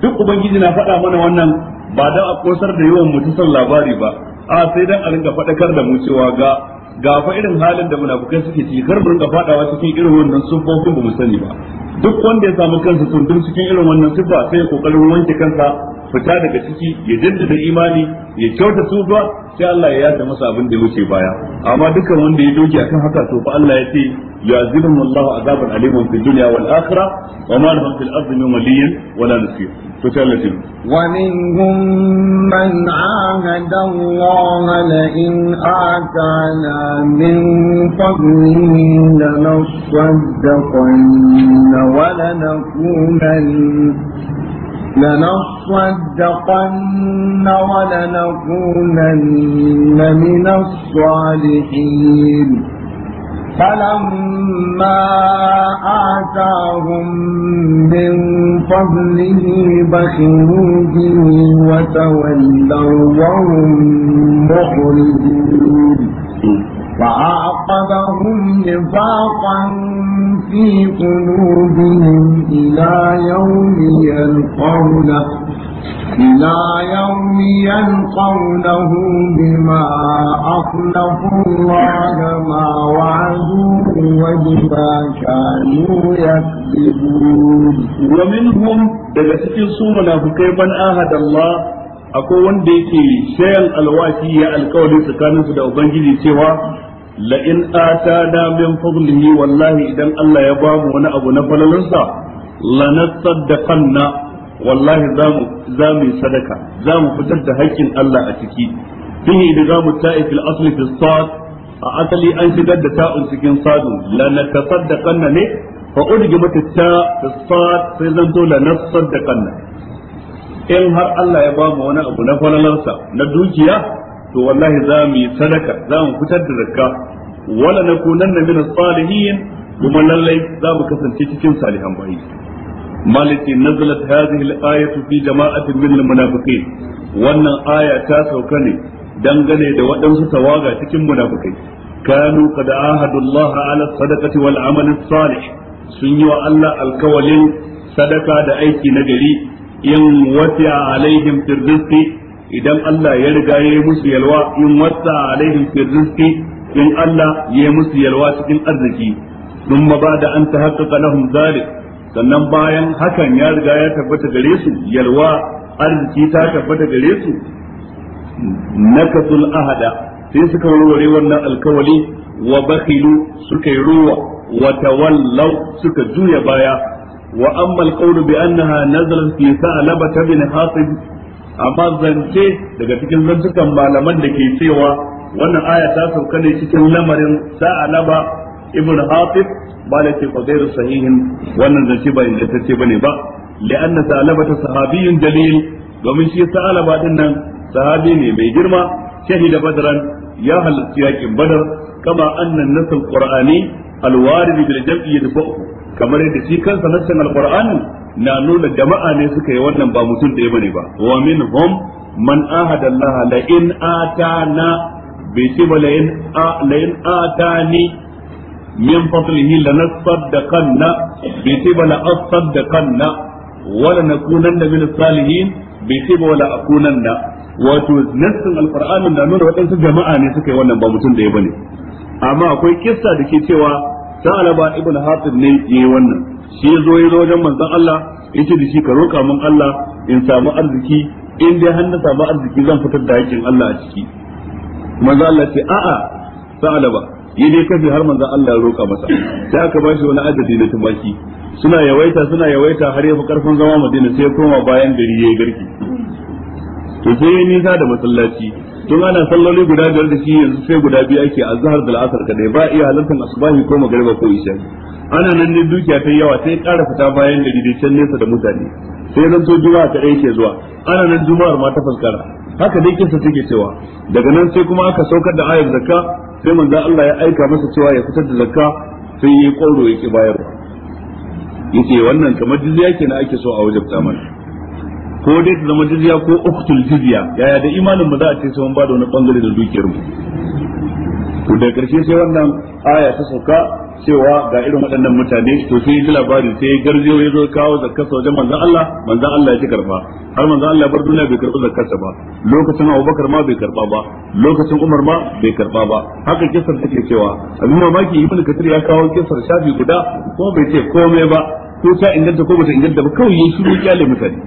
duk ubangiji na faɗa mana wannan ba da a kosar da yawan mutum son labari ba a sai dan a rinka faɗakar da mu cewa ga ga fa irin halin da munafukai suke ciki kar mu rinka fadawa cikin irin wannan sunfofin ba mu sani ba duk wanda ya samu kansa tsundum cikin irin wannan sifa sai ya kokarin wanke kansa fita daga ciki ya jaddada imani ya kyauta tuba sai Allah ya yasa masa abin da ya wuce baya amma dukkan wanda ya doki akan haka to fa Allah ya ce yu'azibuhum Allahu azaban aliman fid dunya wal akhirah wa ma lahum fil ardi min waliyyin wala nasir to sai Allah ya wa minhum man ahada Allah la in atana min fadlihi lanasaddaqanna wa lanakunanna لنصدقن ولنكونن من الصالحين فلما آتاهم من فضله بخلوا به وتولوا وهم مخلدون فأعقبهم نفاقا في قلوبهم إلى يوم يلقونه إلى يوم يلقونه بما أخلفوا الله ما وعدوه وبما كانوا يكذبون ومنهم daga cikin su munafikai man ahada Allah akwai wanda yake shayar alwashi ya alkawari tsakaninsu da ubangiji cewa la in atana min fadlihi wallahi idan Allah ya ba mu wani abu na falalansa lanasaddaqanna wallahi za mu za zamu sadaka za mu fitar da haƙƙin Allah a ciki bihi da zamu ta'i fil asli fi sad a asali an shigar da ta'un cikin sadu lanatasaddaqanna ne fa udgimat ta fi sad sai zanto lanasaddaqanna in har Allah ya ba mu wani abu na falalansa na dukiya to wallahi za mu yi sadaka za mu fitar da zakka wala nakunanna min salihin kuma lallai za mu kasance cikin salihan bayi maliki nazalat hadhihi al-ayatu fi jama'atin min al-munafiqin wannan aya ta sauka ne dangane da waɗansu tawaga cikin munafikai kanu qad ahadu Allah ala sadaqati wal amali salih sun yi wa Allah alkawalin sadaka da aiki nagari in wasi'a alaihim fi idan Allah ya riga ya yi musu yalwa in wasa alaihim fi rizqi in Allah ya yi musu yalwa cikin arziki thumma ba'da an tahaqqaqa lahum dhalik sannan bayan hakan ya riga ya tabbata gare su yalwa arziki ta tabbata gare su nakasul ahada sai suka warware wannan alkawali wa bakhilu suka yi ruwa wa tawallaw suka juya baya wa amma alqawlu bi annaha nazalat fi sa'labah bin hatib amma zance daga cikin zantukan malaman da ke cewa wannan aya ta sauka ne cikin lamarin sa'alaba ibn hafiz ba da ce fadairu sahihin wannan zance ba ingantacce ba ne ba li'anna sa'alaba ta sahabiyyun jalil domin shi sa'alaba din nan sahabi ne mai girma shahida badran ya halarci yakin badar kama annan nasal qur'ani alwarid bil jam'i yadfa'u kamar yadda shi kansa nassan alqur'ani na nuna jama'a ne suka yi wannan ba mutum da bane ba wa min minhum man ahada Allah la in atana bi tiba la in la in atani min fadlihi lanasaddaqanna bi tiba la asaddaqanna wa da min salihin bi ba wala akunanna wato nassin alqur'anin na nuna waɗansu jama'a ne suka yi wannan ba mutum da ya bane amma akwai kissa da ke cewa ta'alaba ibn hatib ne yi wannan shi zo yi zo wajen manzon Allah yace da shi ka roka mun Allah in samu arziki in dai har na samu arziki zan fitar da hakkin Allah a ciki manzon Allah ce a'a ta'alaba yi dai kafi har manzon Allah ya roka masa sai aka bashi wani adadi na tumaki suna yawaita suna yawaita har ya fi karfin zama Madina sai ya koma bayan gari yayi garki to sai ya nisa da masallaci tun ana salloli guda biyar da shi yanzu sai guda biyu ake a zahar da la'asar ka ba iya halartar asubahi ko magariba ko isha ana nan ne dukiya ta yawa sai ƙara fita bayan gari dai can nesa da mutane sai zan to juma'a ta ke zuwa ana nan juma'ar ma ta fuskara haka dai kinsa take cewa daga nan sai kuma aka saukar da ayar zakka sai manzon Allah ya aika masa cewa ya fitar da zakka sai ya ƙoro ya ki bayarwa yace wannan kamar jizya kenan ake so a wajabta mana ko dai ta zama jizya ko uktul jizya yaya da imanin mu za a ce sai mun da wani bangare da dukiyar mu to da karshe sai wannan aya ta sauka cewa ga irin waɗannan mutane to sai ji labarin sai ya garjiyo ya zo kawo zakkarsa wajen manzon Allah manzon Allah ya ci karba har manzon Allah bar duniya bai karɓi zakkarsa ba lokacin Abubakar ma bai karba ba lokacin Umar ma bai karba ba haka kisar take cewa abin mamaki Ibn Kathir ya kawo kisar shafi guda ko bai ce komai ba ko ta inganta ko bata inganta ba kawai yayi shiru kyale mutane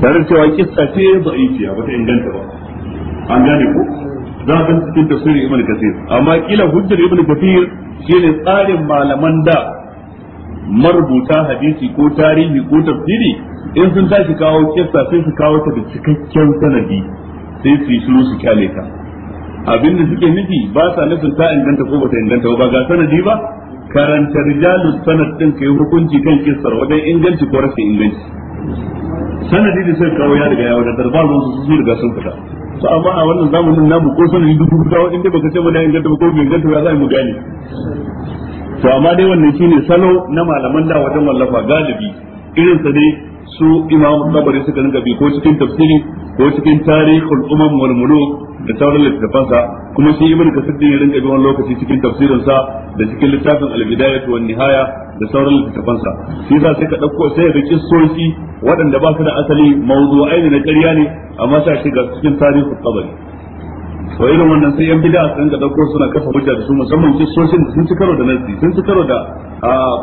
tare cewa kissa ce ba a ba ta inganta ba an gane ku? za a ganta cikin tafsirin ibn kasir amma kila hujjar ibn kasir ne tsarin malaman da marubuta hadisi ko tarihi ko tafsiri in sun tashi kawo kissa sai su kawo ta da cikakken sanadi sai su yi shiru su kyale ta abin da suke nufi ba sa nufin ta inganta ko ba ta inganta ba ga sanadi ba karanta rijalus sanad din kai hukunci kan kissar wajen inganci ko rashin inganci sanadi da sai kawo ya riga ya wadatar ba ruwan su su riga sun fita to amma a wannan zamanin namu ko sanadi duk kawo in dai baka ce mu da inganta ba ko inganta ba za mu gane to amma dai wannan shine salo na malaman da wajen wallafa galibi irin sa dai su imam tabari suka rinka bi ko cikin tafsiri ko cikin tarihul umam wal muluk da sauran littafansa kuma shi ibn kasir ya rinka bi lokaci cikin tafsirin sa da cikin littafin al-bidayah wa nihaya da sauran littafansa shi yasa sai ka dauko sai ga kissoshi waɗanda ba su da asali mawdu'ai ne na ƙarya ne amma sai shiga cikin tarihul qabri to irin wannan sai yan bid'a sun ga dauko suna kafa hujja da su musamman su soshin sun ci karo da nasi sun ci karo da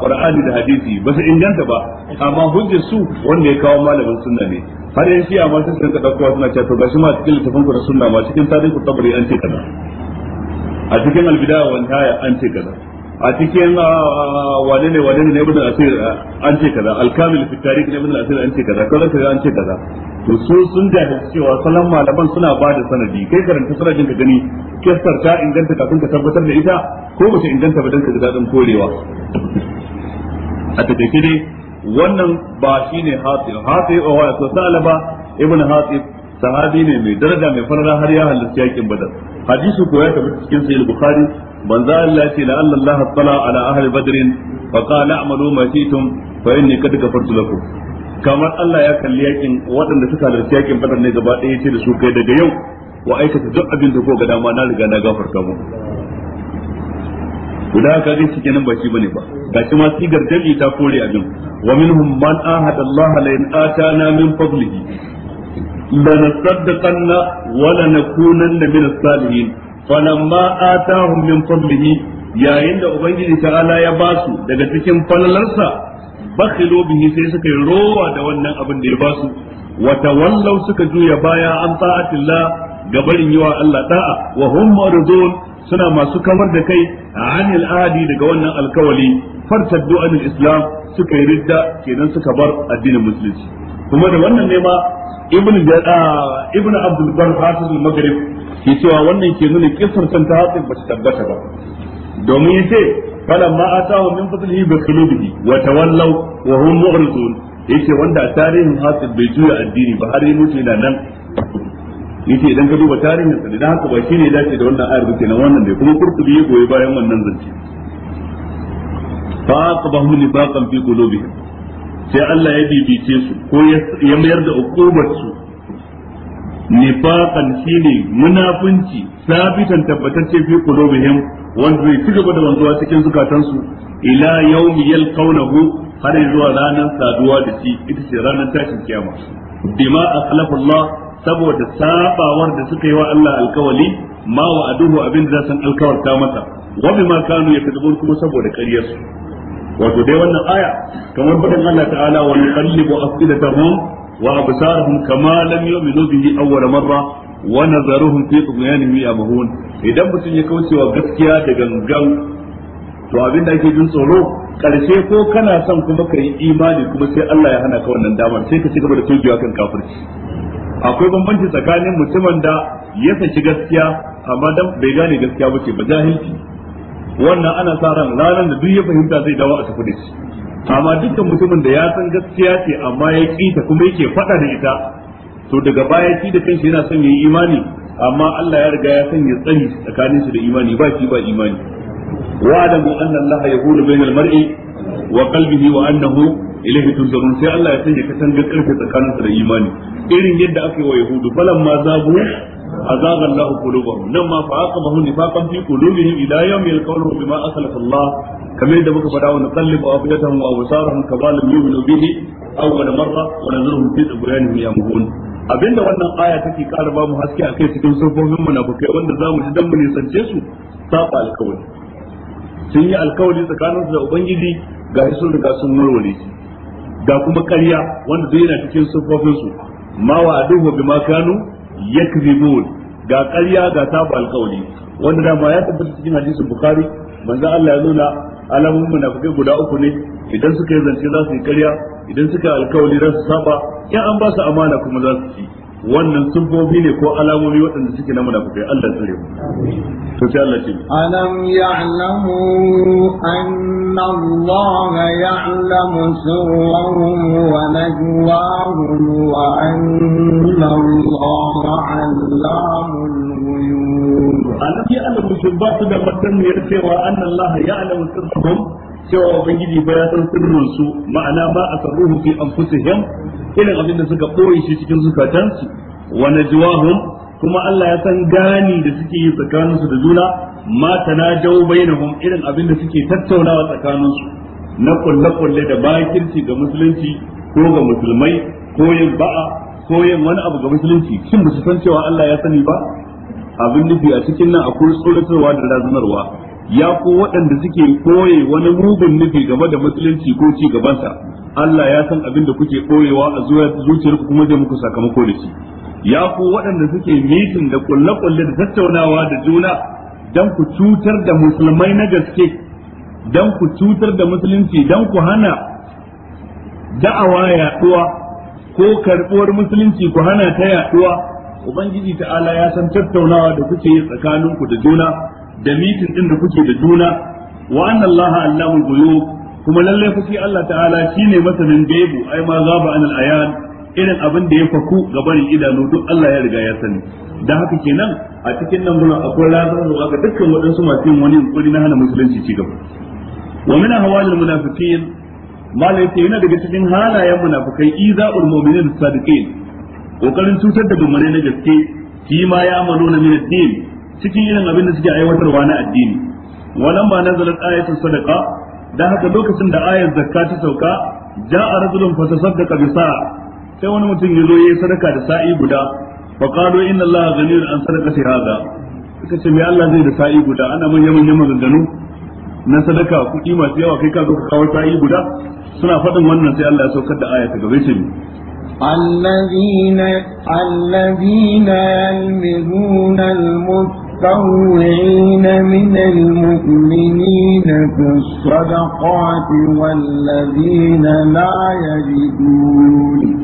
qur'ani da hadisi ba su inganta ba amma hujjar su wanda ya kawo malamin sunna ne har yan shi'a ma sun ga dauko suna cewa to gashi ma cikin littafin ku da sunna ma cikin tarihi tabari an ce kaza a cikin albida wa haya an ce kaza a cikin ah, wane ne wane ne ibn al-asir ah, an ce kaza alkamil fi tarikh ne bin asir an ce kaza kaza kaza an ce kaza to su sun da cewa salan malaman suna ba da sanadi kai karanta sanadin ka gani kissar ta inganta kafin ka tabbatar da ita ko ba ta inganta ba dan ka dadin korewa a take dai wannan ba shine hasib hasib wa salaba ibn hasib sahabi ne mai daraja mai farara har ya halarci yakin badar hadisi ko ya tabbata cikin sahih bukhari manzo Allah ya ce la Allah tala ala ahli badrin fa qala a'malu ma shi'tum fa inni qad ghafartu lakum kamar Allah ya kalli yakin waɗanda suka halarci yakin badar ne gaba ɗaya ce da su kai daga yau wa aikata duk abin da ko ga dama na riga na gafarta mu guda ka ga shi nan ba shi bane ba gashi ma sigar dali ta kore abin wa minhum man ahada Allah la in atana min fadlihi لنصدقن ولنكونن من الصالحين فلما آتاهم من فضله yayin da ubangiji ta'ala ya basu daga cikin falalarsa bakhilu bihi sai suka yi rowa da wannan abin da ya basu Wata tawallaw suka juya baya an ta'atillah ga barin yiwa Allah da'a wa hum suna masu kamar da kai a hanyar adi daga wannan alkawali fartaddu anil islam suka ridda kenan suka bar addinin musulunci kuma da wannan ne ibn ah, ibn abdul bar hafiz al-maghrib ke cewa wannan ke nuna kisar san ta hafiz ba tabbata ba domin yace falamma atahu min fadlihi bi qulubihi wa tawallaw wa hum mu'ridun yace wanda a tarihin hafiz bai juya addini ba har ya mutu yana nan yace idan ka duba tarihin sa idan haka ba shine ya dace da wannan ayar ba nan wannan ne kuma kurkudi ya goyi bayan wannan zance fa ba nifaqan fi qulubihim sai Allah ya bibice su ko ya mayar da ukubar su nifaqan shine munafunci sabitan tabbatacce fi qulubihim wanda zai ci gaba da wanzuwa cikin su ila yawmi yalqawnahu har zuwa ranar saduwa da shi ita ce ranar tashin kiyama bima akhlafa Allah saboda sabawar da suka yi wa Allah alkawali ma wa'aduhu abin da zasan alkawarta masa wa bima kanu yakdubun kuma saboda su wato dai wannan aya kamar faɗin Allah ta'ala wa nuqallibu afidatahum wa absarahum kama lam yu'minu bihi awwal marra wa nazaruhum fi miya yamahun idan mutum ya kaucewa gaskiya da gangan to abin da ake jin tsoro karshe ko kana son kuma ka yi imani kuma sai Allah ya hana ka wannan damar sai ka ci gaba da tsogewa kan kafirci akwai bambanci tsakanin mutumin da ya saki gaskiya amma dan bai gane gaskiya ba ce ba jahilci wannan ana sa ran ranar da duk ya fahimta zai dawo a tafi da amma dukkan mutumin da ya san gaskiya ce amma ya ƙi ta kuma yake faɗa da ita to daga baya shi da kanshi yana son yayi imani amma Allah ya riga ya san ya tsari tsakanin su da imani ba shi ba imani wa'adamu anna Allah yahulu bainal mar'i wa qalbihi wa annahu ilaihi tunzarun sai Allah ya sanya katangar karfe tsakanin su da imani irin yadda aka yi wa yahudu falan ma zabu azaba Allah qulubahum nan ma fa aqabahu nifaqan fi qulubihim ila yawm yalqawnahu bima akhalafa Allah kamar da muka faɗa wa nuqallibu afdatahum wa absarahum kama lam yu'minu bihi awwal marra wa nazuruhum fi tubyanihim yamhun abinda wannan aya take ƙara ba mu haske akai cikin sufofin munafikai wanda zamu ji dan mu nisance su saba alkawari sun yi alkawari tsakaninsu da ubangiji ga sun riga sun shi da kuma ƙarya wanda zai yana cikin siffofin su ma bi bima kanu yakzibun ga ƙarya ga saba alƙawari wanda dama ya tabbata cikin hadisin bukhari manzo Allah ya nuna alamun munafikai guda uku ne idan suka yi zance za su yi ƙarya idan suka alƙawari za su saba in an ba amana kuma za su ci wannan sufofi ne ko alamomi waɗanda suke na munafukai Allah tsare mu to sai Allah ce alam ya'lamu anna Allah ya'lamu sirrahum wa najwahum wa anna Allah 'allamul ghuyub alam ya'lamu sun da su da masaniyar cewa anna Allah ya'lamu sirrahum cewa ubangiji ba ya san sirrin su ma'ana ba a sarruhu fi anfusihim irin abin da suka koyi shi cikin zukatansu wa najwahum kuma Allah ya san gani da suke yi tsakaninsu da juna ma tanajaw bainahum irin abin da suke tattaunawa tsakanin tsakaninsu na kulle kulle da bakirci ga musulunci ko ga musulmai ko yin ba'a ko yin wani abu ga musulunci shin ba su san cewa Allah ya sani ba abin nufi a cikin nan akwai tsoratarwa da razanarwa ya ko waɗanda suke koye wani mugun nufi game da musulunci ko ci gabansa Allah ya san abin da kuke koyewa a zuciyarku kuma zai muku sakamako da shi ya ko waɗanda suke mitin da kulle-kulle da tattaunawa da juna dan ku cutar da musulmai na gaske dan ku cutar da musulunci dan ku hana da'awa yaɗuwa ko karɓuwar musulunci ku hana ta yaɗuwa ubangiji ta'ala ya san tattaunawa da kuke yi tsakaninku da juna da mitin din da kuke da juna wa anna Allah allamul ghuyub kuma lalle kuke Allah ta'ala shine masanin gaibu ai ma za ba anil ayan irin abin da ya faku gaban idanu duk Allah ya riga ya sani da haka kenan a cikin nan gurin akwai razanarwa ga dukkan waɗansu masu yin wani yunkuri na hana musulunci ci gaba wa min ahwalil munafiqin malai yana daga cikin halayen munafikai iza'ul mu'minin sadiqin kokarin cutar da bumare na gaske shi ma ya amalo na min din cikin irin abin da suke aiwatarwa na addini walan ba nazalat ayatu sadaqa Da haka lokacin da aya zakka ta sauka ja'a rajulun fatasaddaqa bi sa'a sai wani mutum ya zo yayi sadaka da sa'i guda fa qalu inna allaha ghaniyun an sadaqati hadha suka ce me Allah zai da sa'i guda ana manyan manyan maganganu na sadaka kuɗi masu yawa kai ka zo ka kawo sa'i guda suna faɗin wannan sai Allah ya saukar da aya ta gabe ce الذين الذين يلمزون المسلمين المستطوعين من المؤمنين في الصدقات والذين لا يجدون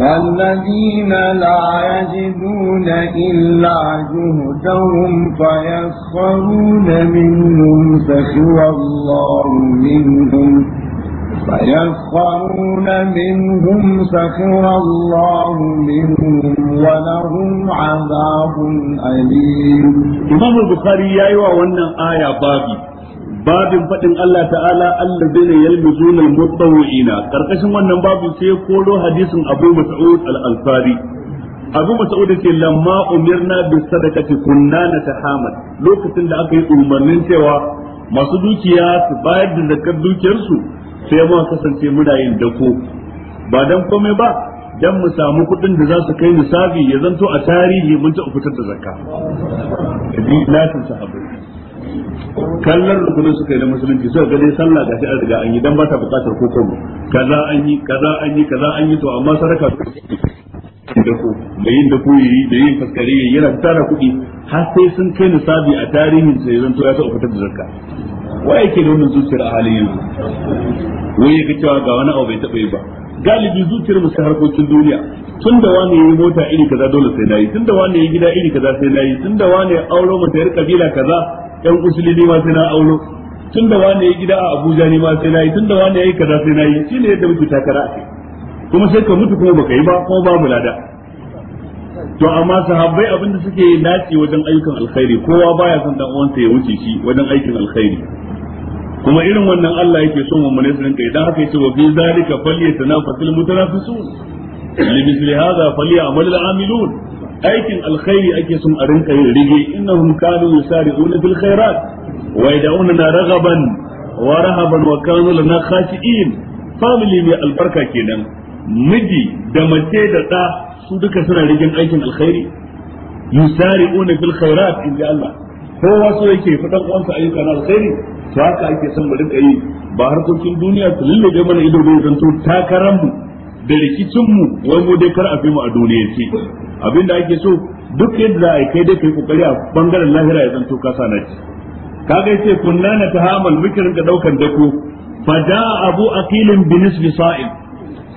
الذين لا يجدون إلا جهدهم فيسخرون منهم سخر الله منهم فيسخرون منهم سخر الله منهم ولهم عذاب أليم إمام البخاري يا أيوة وانا آية بابي babin faɗin Allah ta'ala Allah daina ne yalmizuna al-mutawwi'ina karkashin wannan babin sai koro hadisin Abu Mas'ud al-Ansari Abu da ce lamma umirna bi sadaqati kunna natahamad lokacin da aka yi umarnin cewa masu dukiya su bayar da zakar dukiyarsu sai mu kasance muna yin dako ba dan komai ba dan mu samu kuɗin da za su kai nisabi ya zanto a tarihi mun ta fitar da zakka kaji latin sahabbai kallon rukunin suka yi na musulunci suka ga dai sallah ga shi arziki an yi dan ba ta bukatar ko ka kaza an yi kaza an yi kaza an yi to amma saraka su ko da yin da koyi da yin faskare yana tara kuɗi har sai sun kai nisabi a tarihin sai zanto ya ta fitar da zakka wa yake da wannan zuciyar a halin yanzu wai ga cewa ga wani abu bai taɓa yi ba galibi zuciyar mu harkokin duniya tun da wani yayi mota iri kaza dole sai nayi tun da wani yayi gida iri kaza sai nayi tun da wani ya auro mata yar kabila kaza yan usuli ne ma sai na auro tun da wani yayi gida a Abuja ne ma sai nayi tun da wani yayi kaza sai nayi shine yadda muke takara a kai kuma sai ka mutu kuma baka yi ba kuma babu lada to amma sahabbai abinda suke naci wajen ayyukan alkhairi kowa baya son dan uwansa ya wuce shi wajen aikin alkhairi kuma irin wannan Allah yake son mu ne sun kai dan haka yace wa fi zalika falyatanafasul mutanafisun limithli hadha falyamal al'amilun aikin alkhairi ake son a rinka yin rige innahum kanu yusari'una bil khairat wa yad'una raghaban wa rahaban wa kanu lana khashi'in family mai albarka kenan miji da mace da da su duka suna rigin aikin alkhairi yusari'una bil khairat inda Allah ko wasu yake fitan uwansa ayyuka na alkhairi to haka ake son mu rinka yi ba harkokin duniya su da mana ido bai zanto takaran mu da rikicin mu wai mu dai kar a fi mu a duniya ce abinda ake so duk yadda za a kai dai kai kokari a bangaren lahira ya zanto kasa na ci kaga yace kunna na tahamal mikirin da daukan dako fa da abu aqil bin nisbi sa'il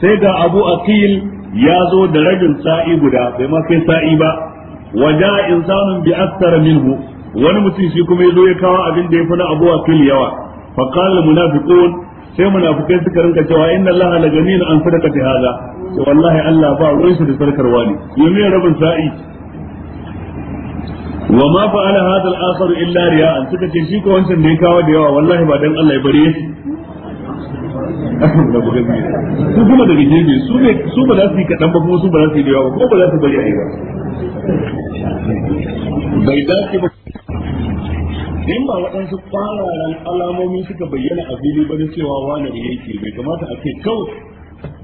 sai da abu aqil ya zo da rajin sa'i guda bai ma kai sa'i ba waja insanun bi aktsara minhu wani mutum shi kuma ya zo ya kawo abin da ya fi na abu wakil yawa fa qala munafiqun sai munafikai suka rinka cewa inna allaha la jamil an sadaqati hadha to wallahi allah ba wurin shi da sarkarwa ne yumi rabin sa'i wa ma fa'ala hadha al-akhar illa riya'an suka ce shi ko wancan da ya kawo da yawa wallahi ba dan allah ya bare shi su kuma da gine su ne su ba za su yi kaɗan ba kuma su ba za su yi da yawa ko ba za su bari a yi ba bai dace ba in ba waɗansu fararen alamomi suka bayyana a fili ba cewa wani da yake bai kamata a ce kawai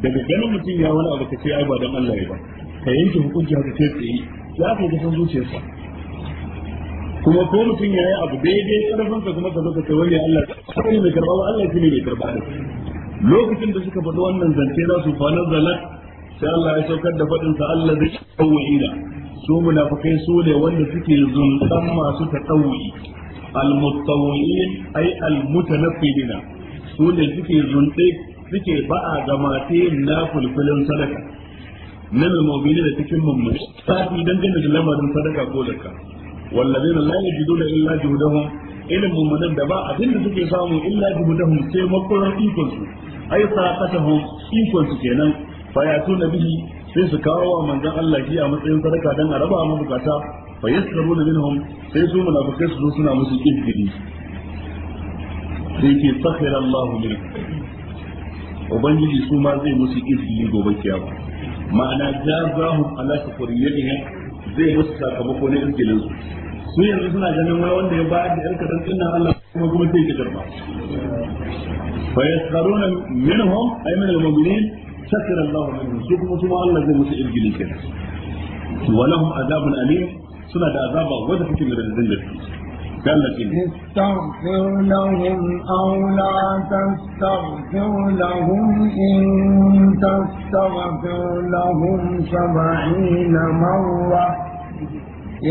daga ganin mutum ya wani abu ka ce ai ba dan Allah ba ka yanke hukunci haka ce tsaye ya kai ka san zuciyarsa kuma ko mutum ya yi abu daidai karfinsa kuma ka zo ka ce wani Allah ne mai karɓa ba Allah shi ne mai karɓa da lokacin da suka faɗi wannan zance za su fana zalat sai Allah ya saukar da faɗin sa Allah zai tawwa'ina su munafikai su ne wanda suke zuntan masu tatawwi al-mutawwi'in ay al-mutanaffidina su ne suke zunde suke ba'a ga mate na fulfulin sadaka na al-mu'mini da cikin mummuni sai dangane da lamarin sadaka ko zakka da ba abin da suke samu illa juhdahum sai makurar ikon su ai saqatahum ikon su kenan fa yatuna bihi sai su kawo wa manzon Allah shi a matsayin sadaka dan a raba mabukata fa minhum sai su munafikai su suna musu izgidi sai ke sakhira Allah min ubangiji su ma zai musu izgidi gobe kiyama ma'ana jazahum ala kufriyatihim zai musu sakamako na izgidin su su yanzu suna ganin wai wanda ya ba da yarka dan dinnan Allah kuma kuma sai ya karba fa minhum ay min al-mu'minin sakhira Allah minhum su kuma su ma Allah zai musu injilin kenan ولهم عذاب أليم suna da azaba wanda take da radadin gaske استغفر لهم أو لا تستغفر لهم إن تستغفر لهم سبعين مرة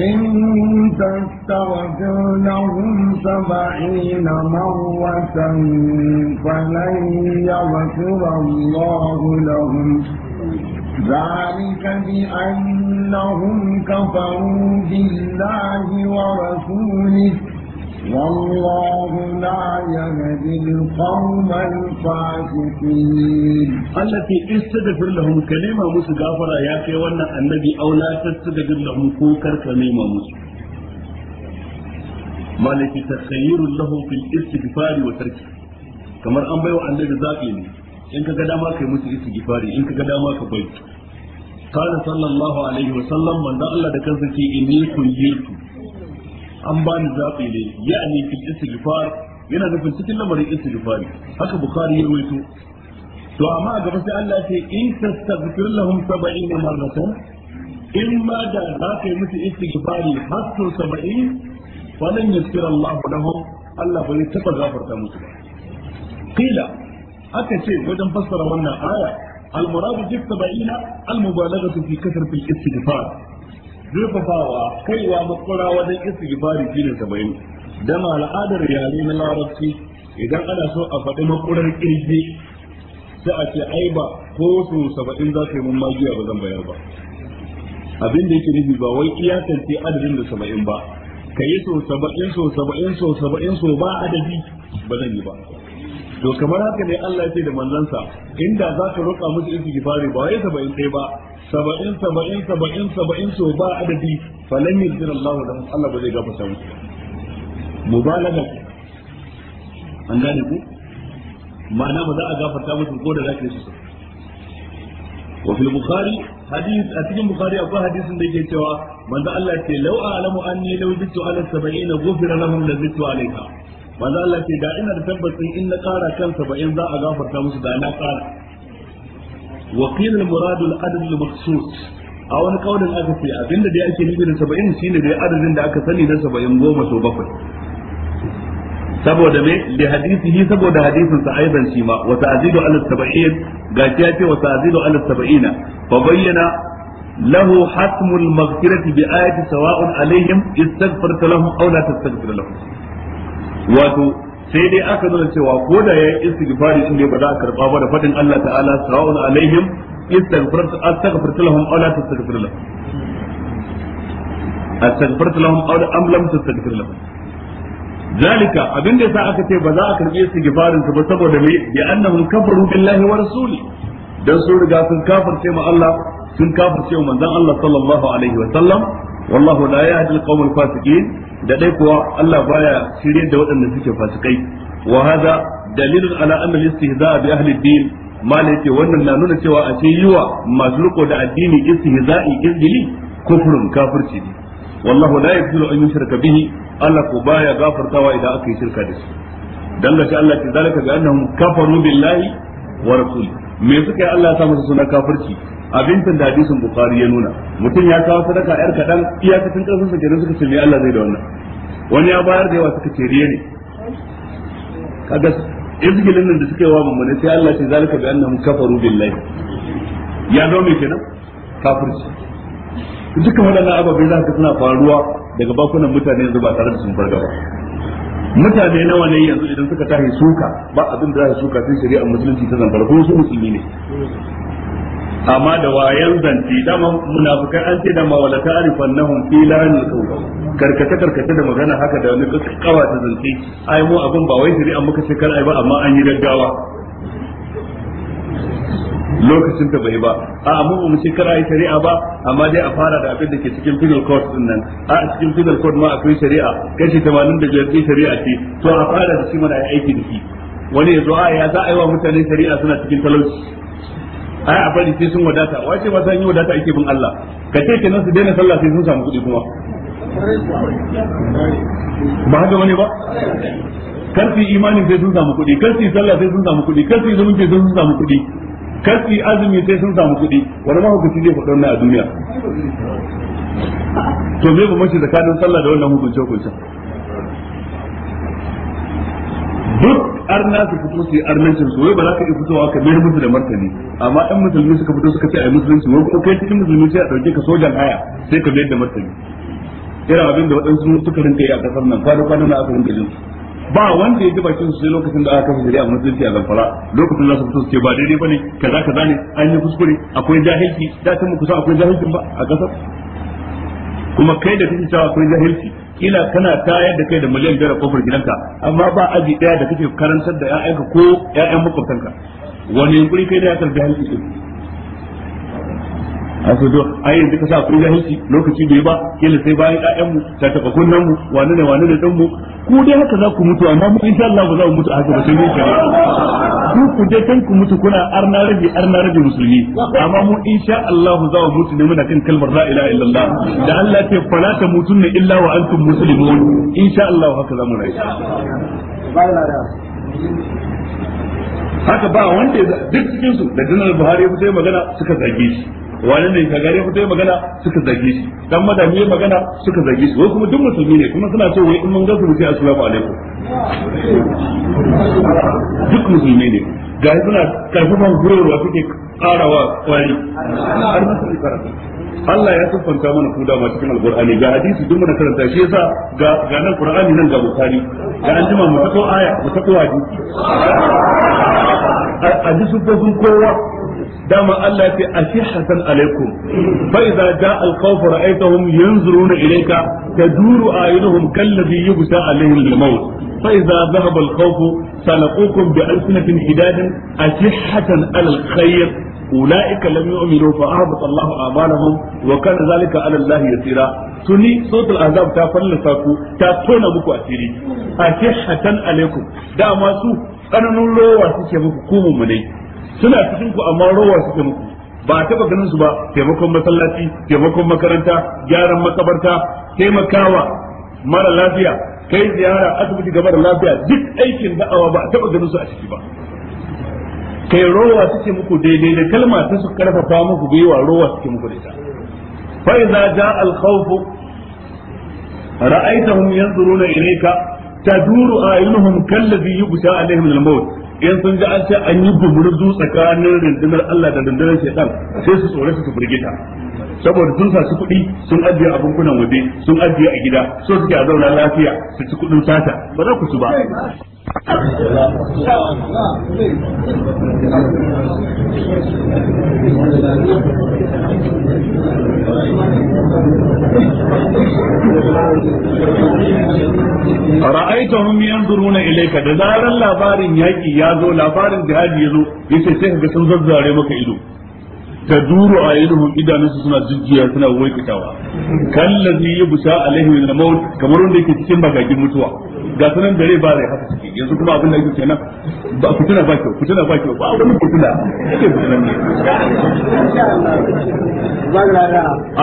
إن تستغفر لهم سبعين مرة فلن يغفر الله لهم ذلك بأنهم كفروا بالله ورسوله والله لا يهدي القوم الفاسقين التي استغفر لهم كلمة موسى غفر يا كيوانا النبي أو لا تستغفر لهم كوكر كلمة موسى ما لك تخير له في الاستغفار وتركه كما أن بيو النبي ذاقي in ka ga dama kai musu istighfari in ka ga dama ka bai kana sallallahu alaihi wa sallam manzo Allah da kansa ce inni kullirtu an ba ni zabi ne yani fil istighfar yana nufin cikin lamarin istighfari haka bukhari ya rawaito to amma a gaba sai Allah ya ce in tastaghfir lahum 70 marratan in ma da za ka yi musu istighfari har sau 70 falan yaskira Allah lahum Allah bai taba gafarta musu ba qila aka ce wajen fassara wannan aya almuradu muradu bi tabaina al-mubalaghatu fi kasrati al-istighfar zurfafawa kaiwa makura wajen istighfari shine da. ma al'adar yare na larabci idan ana so a faɗi makurar kirji sai a ce ai ba ko su 70 za ka yi mun magiya ba zan bayar ba abin da yake nufi ba wai ce adadin da saba'in ba ka yi so 70 so 70 so 70 so ba adadi ba zan yi ba to kamar haka ne Allah ya ce da manzansa inda za ka roƙa musu istighfari ba wai saba'in sai ba saba'in saba'in saba'in saba'in so ba adadi falan yuzir Allah da Allah ba zai gafarta musu mubalaga an gane ku ma'ana ba za a gafarta musu ko da za ka yi su wa fil bukhari hadith a cikin bukhari akwai hadisin da yake cewa manzo Allah ce law a'lamu anni law bitu ala 70 ghufira lahum la bitu alayka manzo Allah ce da ina da tabbacin in na kara kan 70 za a gafarta musu da na ƙara wa qila al al al a wani kaulin aka ce abinda dai ake nufi da 70 shine dai adadin da aka sani na 70 goma so bakwai saboda me li hadisihi saboda hadisin sa aidan shi ma wa ta'zidu ala 70 gashi ya ce wa ta'zidu ala 70 fa bayyana lahu hatmul maghfirati bi ayati sawa'un alaihim istaghfirta lahum aw la wato sai dai aka nuna cewa ko da yayi istighfari din ne ba za a karba ba da fadin Allah ta'ala sawun alaihim istaghfirtu astaghfirtu lahum aw la tastaghfir lahum astaghfirtu lahum aw am lam tastaghfir lahum zalika abin da yasa aka ce ba za a karbi istighfarin ka ba saboda me bi annahum kafaru billahi wa rasuli dan sun riga sun kafirce ma Allah sun kafirce manzon Allah sallallahu alaihi wa sallam wallahu la yahdi al-qawmal fasiqin da dai kuwa Allah baya shirye da waɗanda suke fasikai wa hada dalilun ala anna al-istihza'a bi ahli ad-din malai wannan na nuna cewa a ce yiwa masu riko da addini istihza'i izgili kufrun kafirci ne wallahu la yaghfiru an yushraka bihi Allah ko baya gafartawa idan aka yi shirka da shi dan ga Allah ta zalika bi annahum kafaru billahi wa rasuli me suka Allah ya sa musu suna kafirci abincin da hadisin bukari ya nuna mutum ya kawo sadaka yar kadan iyakacin karfin sa kenan suka ce me Allah zai da wannan wani ya bayar da yawa suka ce riya ne kaga izgilin nan da suka yi wa mummune sai Allah ce zalika bi annahum kafaru billahi ya zo me kenan kafirci duka waɗannan ababai za ka suna faruwa daga bakunan mutane yanzu ba tare da sun farga ba mutane nawa ne yanzu idan suka tashi suka ba abin da za su suka sai shari'a musulunci ta zambar ko su musulmi ne amma da wayan zance dama munafikai an ce da dama wala ta'rifannahum fi lahanil qawl karkace karkace da magana haka da wani kawa ta zance. ai mu abin ba wai shari'a muka ce kar ai ba amma an yi gaggawa lokacin ta bai ba a amma mu ce kar ai shari'a ba amma dai a fara da abin da ke cikin penal code din nan a cikin penal code ma akwai shari'a kashi 85 din shari'a ce to a fara da shi mana aiki da shi wani yazo a ya za a yi wa mutane shari'a suna cikin talauci ai a bari sai sun wadata wace ma san yi wadata ake bin Allah ka ce kenan su daina sallah sai sun samu kuɗi kuma ba haka wani ba karfi imanin sai sun samu kuɗi karfi sallah sai sun samu kuɗi karfi zumunci sai sun samu kuɗi karfi azumi sai sun samu kuɗi wani ma hukunci zai faɗo na a duniya to me ba mace tsakanin sallah da wannan hukunce hukuncen arna su fito su yi arnancin su wai ba za ka iya fitowa ka mayar musu da martani amma dan musulmi suka fito suka ce ai musulunci wai ko kai cikin musulmi sai a dauke ka sojan haya sai ka mayar da martani irin abin da waɗansu suka rinka yi a ƙasar nan kwana kwana na aka rinka jin ba wanda ya ji bakin su sai lokacin da aka kafa shari'a musulunci a zamfara lokacin da su fito su ce ba daidai bane kaza kaza ne an yi kuskure akwai jahilci da ta mu kusa akwai jahilcin ba a ƙasar kuma kai da kake cewa akwai jahilci kila kana tayar da kai da miliyan biyar a kofar gidanka amma ba aji daya da kake karantar da 'ya'yanka ko 'ya'yan makwabtanka wani yankuri kai da ya karbi halin akwai to ai yanzu ka sa akwai jahilci lokaci bai ba kila sai bayan ƴaƴan mu ta taba kunnan mu wani ne wani ne dan mu ku dai haka za ku mutu amma mu insha Allah ba za mu mutu haka ba sai mun kare ku ku dai kan ku mutu kuna arna rabi arna rabi musulmi amma mu insha Allah za mu mutu ne muna kan kalmar la ilaha illallah da Allah ya ce fala ne illa wa antum muslimun insha Allah haka za mu rayu haka ba wanda duk cikin su da janar buhari ya fito magana suka zage shi wani ne gare fito ya magana suka zage shi dan madami ya magana suka zage shi wai kuma duk musulmi ne kuma suna cewa wai in mun ga su sai assalamu alaikum duk musulmi ne ga suna karfafan wa suke karawa kwari Allah ya siffanta mana ku da cikin al'kur'ani. ga hadisi duk muna karanta shi yasa ga ga nan qur'ani nan ga bukhari ga an jima mu tako aya mu tako hadisi a hadisi ko kowa dama Allah ce ashihatan alaikum fa idza jaa al-khawf ra'aytahum yanzuruna ilayka taduru ayunuhum kalladhi yughsha alaihim al-maut fa idza dhahaba al-khawf salaqukum bi alsinatin hidadin ashihatan al-khayr أولئك لم يؤمنوا فأهبط الله أعمالهم وكان ذلك على الله يسيرا tuni sotul azab ta fallasa ku ta tona muku asiri a hatan alaikum dama su tsananin rowa suke muku ku mu ne. suna cikin ku amma rowa suke muku ba a taba ganin su ba taimakon masallaci taimakon makaranta gyaran makabarta taimakawa mara lafiya kai ziyara asibiti ga mara lafiya duk aikin da'awa ba a taba ganin su a ciki ba kai rowa suke muku daidai da kalma ta su karfafa muku gwiwa rowa suke muku da ita fa iza ja al khawf ra'aytahum yanzuruna ilayka taduru a'yunuhum kallazi yughsha alaihim al maut in sun ji an ce an yi gumurzu tsakanin rundunar Allah da rundunar shaitan sai su tsore su firgita saboda sun saci kuɗi sun ajiye a bankunan waje sun ajiye a gida so suke a zauna lafiya su ci kuɗin sata ba za ku ci ba ra'aitahum yanzuruna ilayka da zaran labarin yaki ya zo labarin jihadi ya zo yace sai ga sun zazzare maka ido Ka duro ayi da muɗum idanu suna jijjiyar suna woi fitawa. Kalla biyu busa a lehibe na mawul kamaronde ke cikin baga girmutuwa. Ga sunan dare ba la haka ciki yanzu kuma abin da ayi bi cina ba kutana ba kyau kutana ba kyau ba wani kutana kutana ne.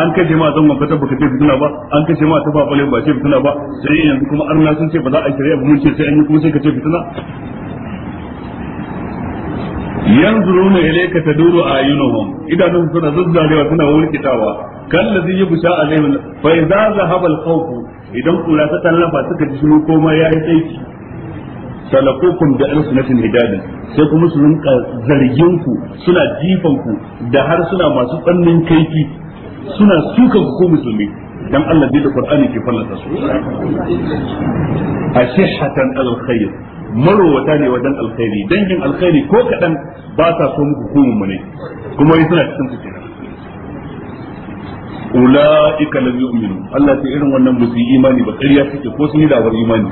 An kai tema a tsawon kata baka tefi suna ba an kai tema a tsawon ba tefi suna ba sai yanzu kuma arna sun ce ba za a ciyayya ba mu sai an yi musu ka tefi suna. yanzuruna ilayka taduru ayunuhum idanun suna zazzarewa suna wurkitawa kallazi yubsha alaihim fa idza zahaba al-khawf idan kula ta tallafa suka ji shiru koma yayi tsaiki salakukum da alsunatin hidadi sai kuma su rinka ku suna jifan ku da har suna masu tsannin kaifi suna suka ku ko musulmi dan Allah da Qur'ani ke fallasa su ashihatan al-khair marowata ne wajen alkhairi dangin alkhairi ko kaɗan ba sa so muku hukumun mu ne kuma yi suna cikin su kenan ulaika lam yu'minu Allah sai irin wannan musu imani ba ƙarya suke ko sun yi dawar imani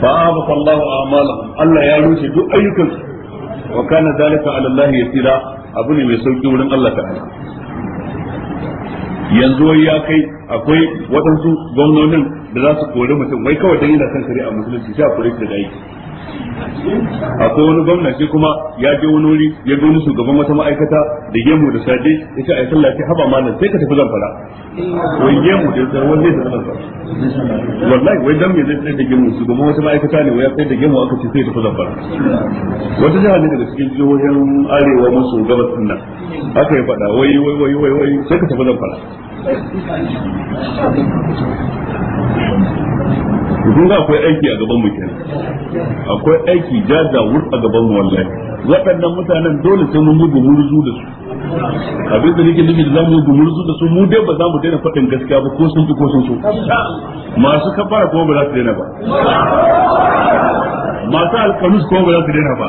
fa ba Allahu a'malahum Allah ya rushe duk ayyukan wa kana zalika ala Allah yasira abu ne mai sauki wurin Allah ta'ala yanzu wai ya kai akwai waɗansu gwamnonin da za su kori mutum wai kawai dan yana kan a musulunci sai a kore shi daga aiki akwai wani gwamna shi kuma ya je wani wuri ya ga wani shugaban wata ma'aikata da gemu da saje ya ce a sallah ce haba nan sai ka tafi zamfara wai gemu da wani zai tafi zamfara wallahi wai dan me zai tsaye da gemu shugaban wata ma'aikata ne wai ya tsaye da gemu aka ce sai tafi zamfara wata jiha ne daga cikin jihohin arewa maso gabas din nan aka yi faɗa wai wai wai wai wai sai ka tafi zamfara kun ga akwai aiki a gaban mu kenan akwai aiki jaza wur a gaban mu wallahi waɗannan mutanen dole sai mun yi gumurzu da su abin da nake nufi da zamu yi gumurzu da su mu dai ba za mu daina faɗin gaskiya ba ko sun ki ko sun so masu kafara kuma ba za su daina ba masu alƙalus kuma ba za su daina ba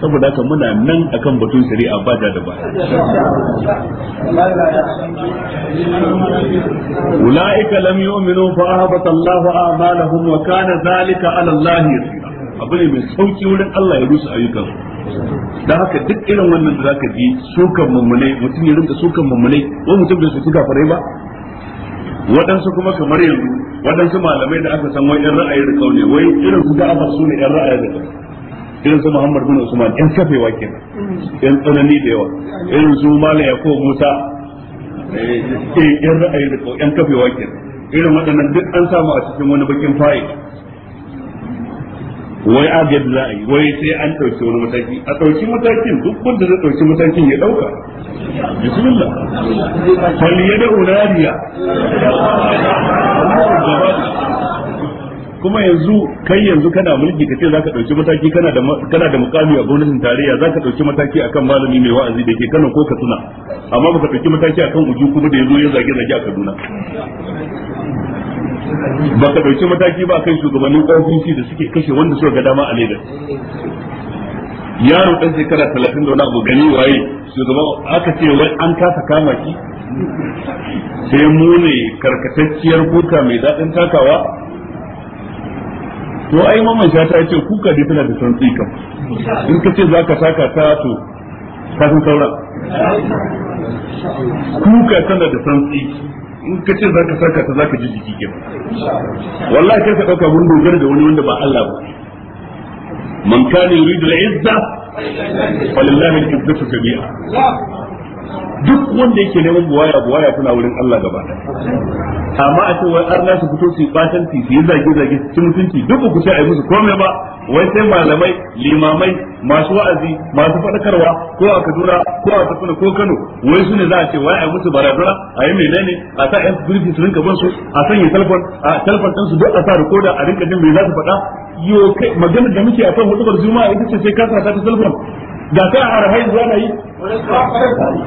saboda haka muna nan akan batun shari'a ba da da baya ulaika lam yu'minu fa ahbata Allahu a'malahum wa kana zalika 'ala Allah yasira abu ne mai sauki wurin Allah ya rusa ayyukan da haka duk irin wannan da zaka ji sukan mummune mutum ya rinka sukan mummune ko mutum bai su kafare ba waɗansu kuma kamar yanzu waɗansu malamai da aka san wai yan ra'ayi da kaune wai irin su da su ne yan ra'ayi da kaune irin su Muhammad bin Usman yan kafewa kenan yan tsanani da yawa irin su Malam Yakubu Musa eh yan eh, ra'ayi da yan kafewa kenan irin waɗannan duk an samu a cikin wani bakin fayi wai agad za a yi wai sai an ɗauki wani mataki a ɗauki matakin duk wanda zai ɗauki matakin ya ɗauka bismillah fal yada unadiya kuma yanzu kai yanzu kana mulki kace zaka dauki mataki kana da kana da mukami a gwamnatin tarayya zaka dauki mataki akan malami mai wa'azi da ke Kano ko Katsina amma baka dauki mataki akan uju kuma da yazo ya zage zage a Kaduna baka dauki mataki ba kan shugabannin ofishi da suke kashe wanda suka ga dama a Lagos yaro dan shekara 30 da wani abu gani waye shugaban aka ce wai an kasa kama shi sai mu ne karkatacciyar kota mai dadin takawa to ai mamman sha ta ce kuka dai tana da santsi kam in ka ce zaka saka ta to ka san sauran kuka tana da santsi in ka ce zaka saka ta zaka ji jiki ke wallahi kai ka dauka mun dogara da wani wanda ba Allah ba man kana yuridu al-izza falillahi al-izzatu jami'a duk wanda yake neman buwaya buwaya tana wurin Allah gaba amma a cewa an arna fito su ti su yi zage zage su mutunci duk ku ce ai musu komai ba wai sai malamai limamai masu wa'azi masu fadakarwa ko a Kaduna ko a Katsina ko Kano wai su ne za a ce wai ai musu barazana a yi menene a sa yan security su rinka bansu a sanya telefon a telefon din su duk a sa recorder a rinka jin me za su faɗa yo kai magana da muke a kan hudubar juma'a ita ce sai ka sa ta telefon ga sai a arhai zuwa na yi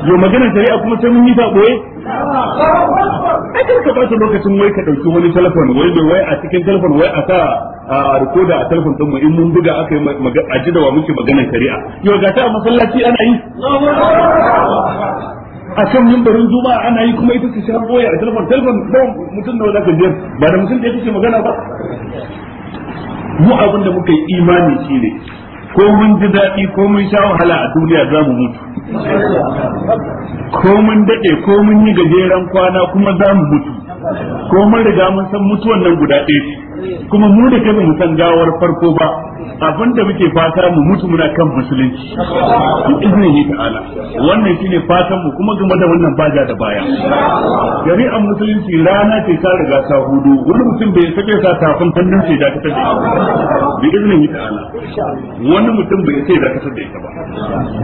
yau maganar shari'a kuma sai mun yi ta boye ai ka bata lokacin wai ka dauki wani telefon wai mai wai a cikin telefon wai a sa a rikoda a telefon din mu in mun buga aka yi a ji da wa muke maganar shari'a yau ga ta masallaci ana yi a kan mimbarin juma'a ana yi kuma ita ce shan boye a telefon telefon don mutum da wadaka biyar ba da mutum da ya magana ba mu abin da muka yi imani ne ko mun ji daɗi ko mun sha wahala a duniya za mu mutu ko mun daɗe ko mun yi gajeren kwana kuma za mu mutu ko mun riga mun san mutuwan nan guda ɗaya ce kuma mu da kai mu san gawar farko ba abin da muke fata mu mutu muna kan musulunci duk izinin ta'ala wannan shine fatan mu kuma game da wannan baja da baya Gari a musulunci rana ce ta riga ta hudu wani mutum bai sake sa tafin hannun sai da ta da izinin ta'ala wani mutum bai sai da ta da ita ba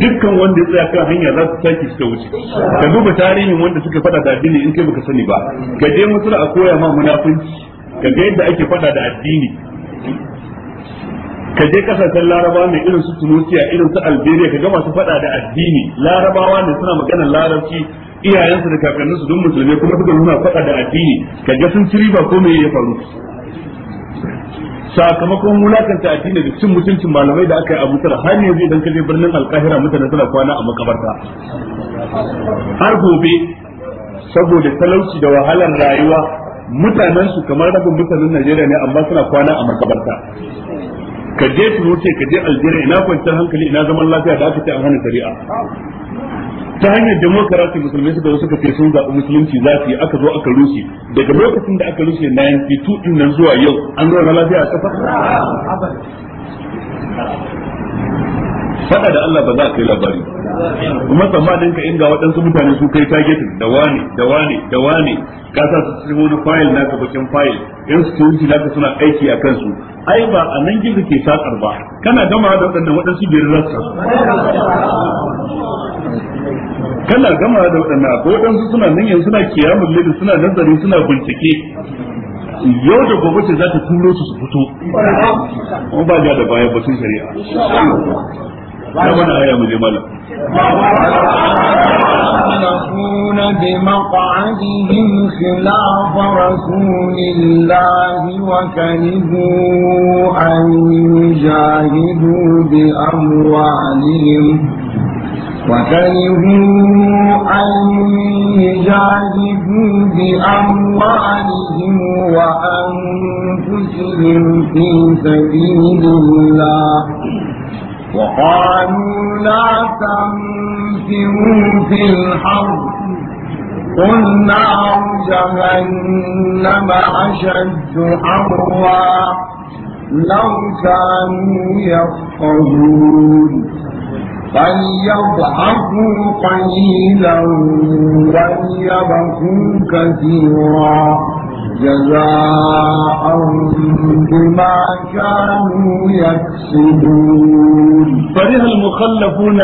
dukkan wanda ya tsaya kan hanya za su sake su wuce ka duba tarihin wanda suka fada da addini in kai baka sani ba ga je misra a koya ma munafunci ka ga yadda ake fada da addini ka je kasashen laraba ne irin su tunisia irin su algeria ka ga masu fada da addini larabawa ne suna maganar larabci iyayensu da su don musulmi kuma suka nuna fada da addini ka ga sun ciri ba ko me ya faru sakamakon wulakanta addini da cin mutuncin malamai da aka yi abu tara har yanzu idan ka je birnin alkahira mutane suna kwana a makabarta har gobe saboda talauci da wahalar rayuwa mutanen su kamar rabin mutanen Najeriya ne amma suna kwana a markabarta ka je su ce ka je Algeria ina kwanciyar hankali ina zaman lafiya da aka ce an hana shari'a ta hanyar demokarasi musulmai suka zo suka ce sun zaɓi musulunci za su yi aka zo aka rushe daga lokacin da aka rushe na yanki tuɗin nan zuwa yau an zo na lafiya a ƙasa fada da Allah ba za ka yi labari kuma din ka inga waɗansu mutane su kai target da wani, da wani, da wani. ka sa su cikin wani file naka bakin file in su cikin naka suna aiki a kansu ai ba a nan gizo ke sakar ba kana gama da waɗannan waɗansu biyar za su kana gama da waɗannan akwai waɗansu suna nan yanzu suna kiyamun lili suna nazari suna bincike yau da gobe ce za ta turo su su fito ba ja da baya batun shari'a na wani aya mu je malam يكون بمقعدهم خلاف رسول الله وكرهوا أن يجاهدوا بأموالهم وكرهوا أن يجاهدوا بأموالهم وأنفسهم في سبيل الله وقالوا لا تنفروا في الحرب قل نار جهنم أشد حرا لو كانوا يفقهون فليضحكوا قليلا وليبكوا كثيرا جزاءهم بما كانوا يكسبون فرح المخلفون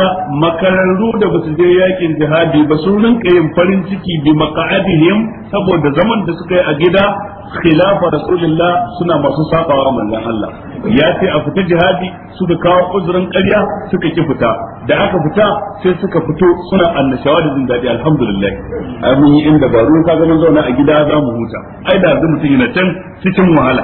مكرروا da basu je yakin jihadi ba su rinka yin farin ciki bi maqa'adihim saboda zaman da suka yi a gida khilafa rasulullah suna masu sabawa manzon Allah ya ce a fita jihadi suka kawo uzurin ƙarya suka ki fita da aka fita sai suka fito suna annashawa da jin daɗi alhamdulillah ai mun yi inda ba ruwan kaga mun zauna a gida za mu huta ai da yanzu mutum yana can cikin wahala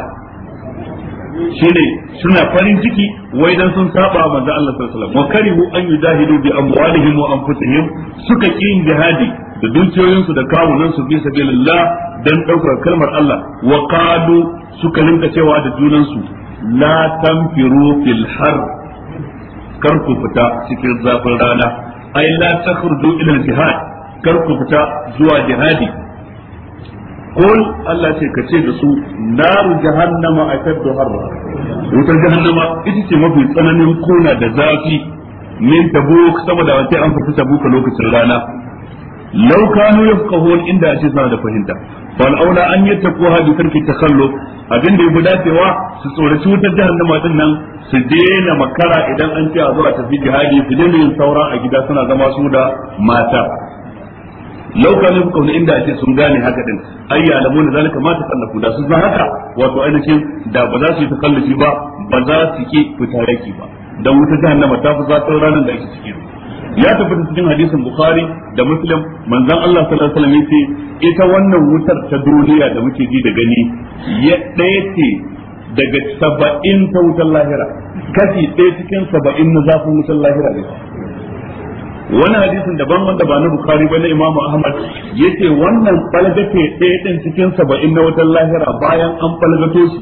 shine suna farin ciki wai dan sun saba manzo Allah sallallahu alaihi wasallam wa karihu an yujahidu bi amwalihim wa anfusihim suka ki yin jihadi da dukiyoyinsu da kawunan su fi sabilillah dan daukar kalmar Allah wa qalu suka linka cewa da junansu la tanfiru fil har kar ku fita cikin zafin rana ai la takhruju ila jihad kar ku fita zuwa jihadi qul Allah ce kace da su naru jahannama ashaddu harra wutar jahannama ita ce mafi tsananin kona da zafi min tabuk saboda wancan an fita buka lokacin rana law kanu yafqahun inda ace suna da fahimta fal aula an yattaquha bi ta kallo, abin da fi dacewa su tsoraci wutar jihar din nan su daina makara idan an ce a zo a tafi jihadi su daina yin saura a gida suna zama su da mata law kanu yafqahun inda ace sun gane haka din ay ya'lamuna zalika ma takallafu da su haka wato ainihin da ba za su yi takallufi ba ba za su ki fitaraki ba dan wutar jahannama ta fi zafin ranar da ake cikin ya tabbata cikin hadisin bukhari da muslim manzon Allah sallallahu alaihi wasallam yace ita wannan wutar ta duniya da muke ji da gani ya daya ce daga saba'in ta wutar lahira kashi ɗaya cikin saba'in na zafin wutar lahira ne wani hadisin daban wanda ba na bukhari ba na imamu ahmad yace wannan balgace ɗaya cikin saba'in na wutar lahira bayan an balgato shi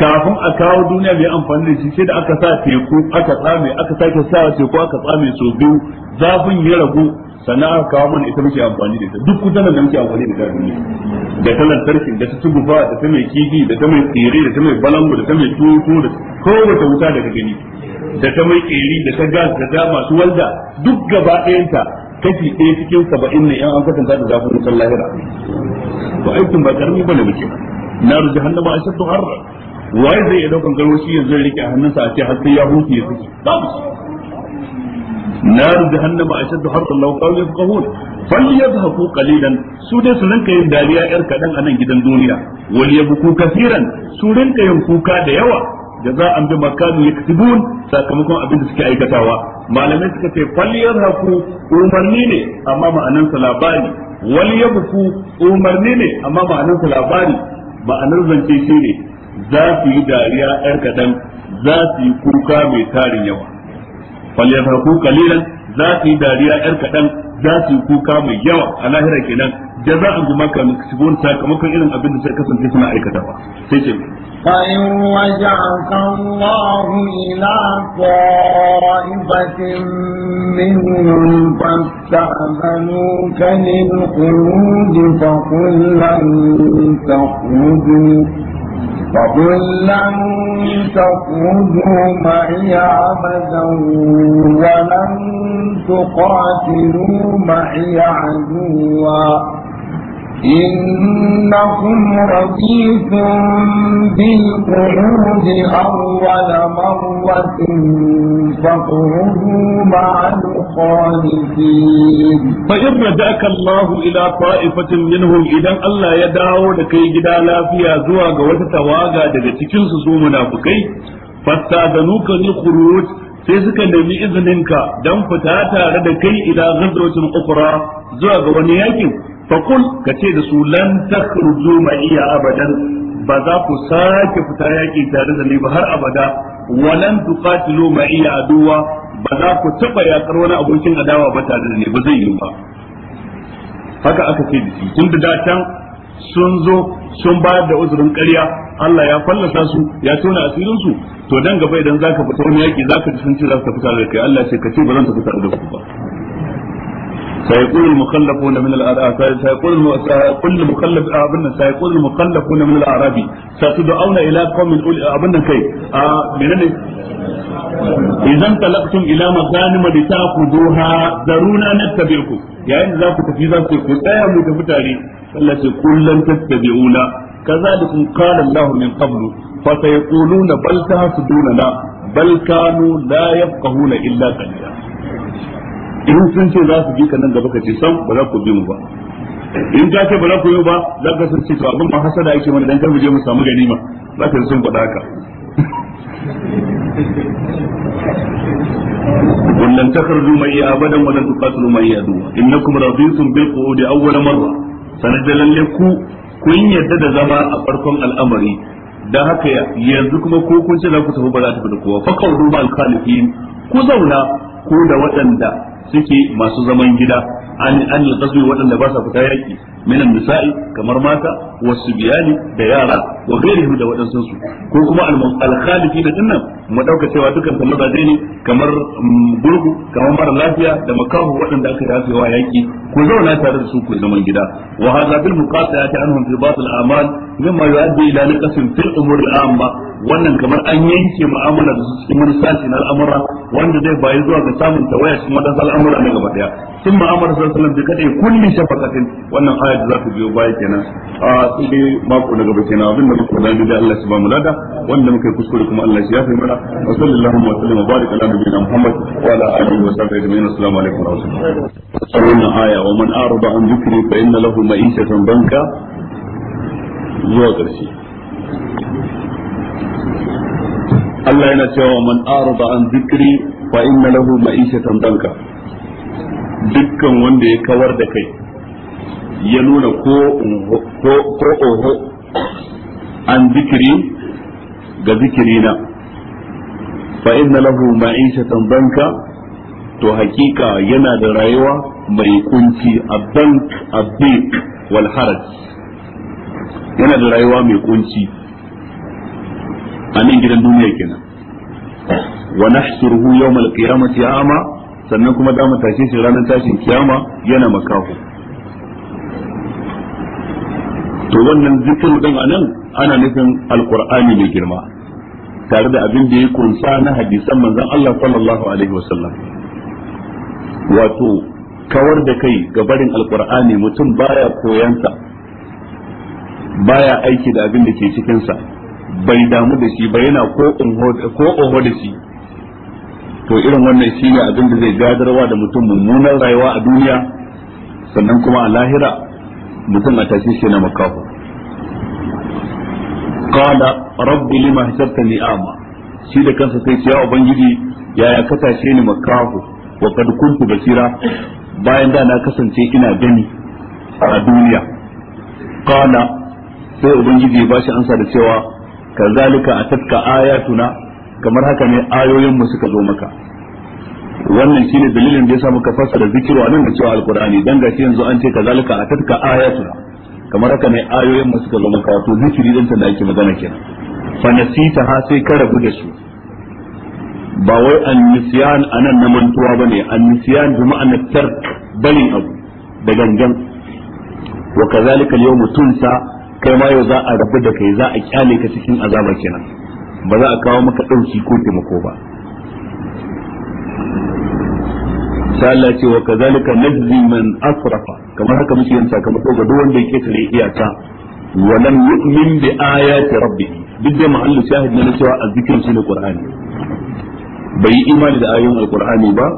kafin a kawo duniya mai amfani da shi sai da aka sa teku aka tsame aka sake sa teku aka tsame sau biyu zafin ya ragu sannan aka kawo mana ita muke amfani da ita duk kudanan da muke amfani da ta duniya da ta lantarki da ta tubufa da ta mai kifi da ta mai tsere da ta mai balangu da ta mai tuwo da kowace wuta daga gani da ta mai tsere da ta gas da ta masu walda duk gaba ɗayanta kashi ɗaya cikin saba'in ne yan an kwatanta da zafin wutar lahira to aikin ba karami bane muke na a ashaddu har. waye zai iya daukan garwashi yanzu ya rike a hannunsa a ce har sai ya huce ya saki nar jahannama ashaddu harran law qalu yafqahun falyadhaku kalilan su dai su rinka yin dariya yar kadan a nan gidan duniya wal buku kasiran su rinka yin kuka da yawa da a bi makanu yaktubun sakamakon abin da suke aikatawa malamai suka ce falyadhaku umarni ne amma ma'anansa labari wal yabku umarni ne amma ma'anansa labari ma'anar zance shi ne za su yi dariya yar kaɗan za su yi kuka mai tarin yawa haku kalilan za su yi dariya yar kaɗan za su yi kuka mai yawa a lahira kenan a bima kanu kasibun sakamakon irin abin da suka kasance suna aikatawa sai ce فإن رجعك الله إلى طائفة منهم فاستأذنوك للخروج فقل لن تخرجوا فقل لن تخرجوا معي عبدا ولن تقاتلوا معي عدوا إنكم رضيتم بالقعود أول مرة فاقعدوا مع الخالفين فإن رجعك الله إلى طائفة منهم إذا الله يدعو لكي جدا لا فيها زواج وتتواجع دجتكين سسومنا بكي فاستاذنوك للخروج sai suka nemi izininka don fita tare da kai idan gazarotin ukura zuwa ga wani yakin فقل كتير لن تخرجوا معي أبدا ba za ku sake fita yaƙi tare da ni ba har abada walan tuqatilu ma iya aduwa ba za ku taba yaƙar wani abokin adawa ba tare da ni ba zai yi ba haka aka ce da shi tun da can sun zo sun bayar da uzurin ƙarya Allah ya fallasa su ya tona asirin su to dan gaba idan zaka fita wani yaki zaka ji sun ce za fita da kai Allah ce ka ce ba zan tafi tare da ku ba سيقول المخلفون من الأعراب سيقول كل مخلف أبنا سيقول المخلفون من الأعراب ستدعون إلى قوم أبنا كي من إذا انطلقتم إلى مغانم لتأخذوها ذرونا نتبعكم يعني ذاك تفيزا سيقول أيها متفتاري التي كلا تتبعونا كذلك قال الله من قبل فسيقولون بل تهسدوننا بل كانوا لا يفقهون إلا قليلا in sun ce za su bi ka nan gaba ka ce san ba za ku bi mu ba in ka ce ba za ku yi ba za ka san ce to abin ba hasada ake mana dan kar mu je mu samu ganima za ka sun faɗa haka ولن تخرجوا معي ابدا ولن تقاتلوا معي عدوا انكم رضيتم بالقعود اول مره sanadalan ku kun yadda da zama a farkon al'amari dan haka yanzu kuma ko kun ce za ku tafi ba za ta kowa fa kawdu ba al-khalifin ku zauna ko da waɗanda suke masu zaman gida an an al waɗanda ba sa fita yaki minan misa'i kamar mata wasu biyani da yara wa ghairihim da waɗansu ko kuma al da dinnan mu dauka cewa dukkan su mazaje ne kamar mm, gurgu kamar mara lafiya da makahu waɗanda aka yi wa yaki ku zauna tare da su ku zaman gida wa hadha bil muqata'ati anhum fi batil a'mal mimma yu'addi ila naqsin fil umur al amma wannan kamar an yanke mu'amala da su cikin wani sashi na al'amura wanda zai bayi zuwa ga samun tawaya cikin wadansu al'amura na gaba daya sun ma'amala sallallahu alaihi wasallam bi kadai kulli shafaqatin wannan ayat da za ku biyo baya kenan a sai mako na gaba kenan abin da muka da Allah subhanahu wa ta'ala wanda muka kuskure kuma Allah ya fi mana wa sallallahu wa sallam wa barik ala nabiyyina muhammad wa ala wa sahbihi ajma'in assalamu alaikum wa rahmatullahi aya wa man arada an dhikri fa inna lahu ma'ishatan banka zuwa ƙarshe Allah yana cewa man banka dukkan wanda ya kawar da kai ya nuna ko ko oho an zikiri ga na. fa inna lahu ma'ishatan banka to hakika yana da rayuwa mai kunci a bank a bank wal haraj yana da rayuwa mai kunci a nan gidan duniya kenan wa nahshuruhu yawmal qiyamati ama sannan kuma za tashe shi ranar tashin kiyama yana makaho to wannan zikir din anan ana nufin alqur'ani mai girma tare da abin da ya kunsa na hadisan manzon Allah sallallahu alaihi wasallam wato kawar da kai ga barin alkur'ani mutum baya koyansa baya aiki da abin da ke cikinsa bai damu da shi ba yana ko oho da shi to irin wannan shi ne abin da zai gadarwa da mutum mummunan rayuwa a duniya sannan kuma a lahira mutum a tashi shi na makafa qala rabbi lima hasabtani a'ma shi da kansa sai siya ya ubangiji yaya ka tashe ni makahu wa qad basira bayan da na kasance ina gani a duniya qala sai ubangiji ya bashi ansa da cewa kazalika atatka ayatuna kamar haka ne ayoyin mu suka zo maka wannan shine dalilin da sa muka fassara zikiru nan da cewa alqur'ani dan gashi yanzu an ce kazalika atatka ayatuna kamar haka ne ayoyin masu suka zama kawo zikiri din da yake magana kenan fa nasita ha sai ka rabu da su ba wai an nisyan anan na mantuwa bane an nisyan bi ma'anar tar barin abu da gangan wa kazalika al-yawm tunsa kai ma yau za a rabu da kai za a kyale ka cikin azaba kenan ba za a kawo maka dauki ko taimako ba sai Allah ce wa kazalika najzi man asrafa kamar haka muke yin sakamako ga duk wanda ya ketare iyaka walam yu'min bi ayati rabbih duk da mahallu shahid na cewa azzikin shine qur'ani bai yi imani da ayoyin alqur'ani ba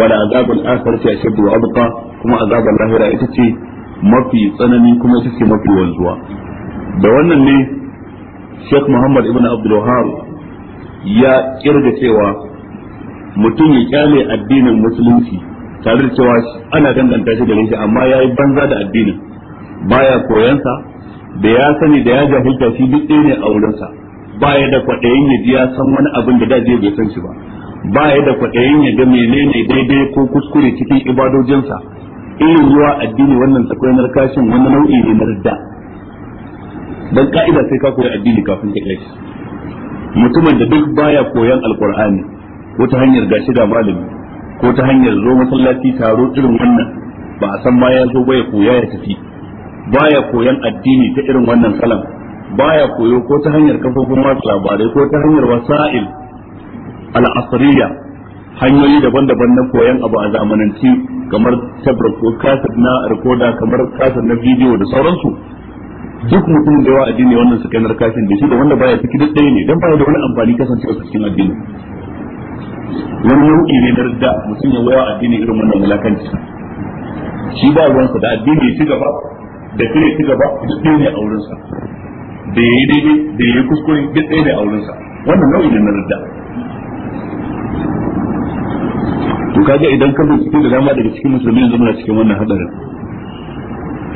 wala azabul akhirati ashaddu wa abqa kuma azabul lahira ita ce mafi tsanani kuma ita ce mafi wanzuwa da wannan ne Sheikh Muhammad ibn Abdul Wahhab ya kirga cewa mutum ya kyale addinin musulunci tare da cewa ana danganta shi da shi amma yayi banza da addinin baya koyansa da ya sani da ya jahilta shi duk ɗaya ne a wurinsa baya da kwaɗayin ya ji ya san wani abin da daji bai san shi ba baya da kwaɗayin ya ga menene daidai ko kuskure cikin ibadojinsa irin ruwa addini wannan tsakwai narkashin wani nau'i ne na radda dan ka'ida sai ka koyi addini kafin ka kai mutumin da duk baya koyan alqur'ani wata hanyar gashi da malami ko ta hanyar zo masallaci taro irin wannan ba a san ma ya zo ba ya koya ya tafi baya koyan addini ta irin wannan Ba baya koyo ko ta hanyar kafofin masu labarai ko ta hanyar wasa'il al'asariya hanyoyi daban-daban na koyan abu a zamananci kamar tabar ko kasar na rikoda kamar kasar na bidiyo da sauransu duk mutumin da yawa addini wannan su kai narkashin da shi da wanda baya ciki duk ɗaya ne don baya da wani amfani kasancewa cikin addini wani nau'i ne na ridda mutum ya waya addini irin wannan mulakanci shi ba ruwansa da addini ya ci gaba da kire ci gaba duk ɗaya ne a wurinsa da ya yi daidai da ya yi kuskure duk ɗaya ne a wurinsa wannan nau'i ne na ridda to kaga idan ka bincike da dama daga cikin musulmi yanzu muna cikin wannan hadarin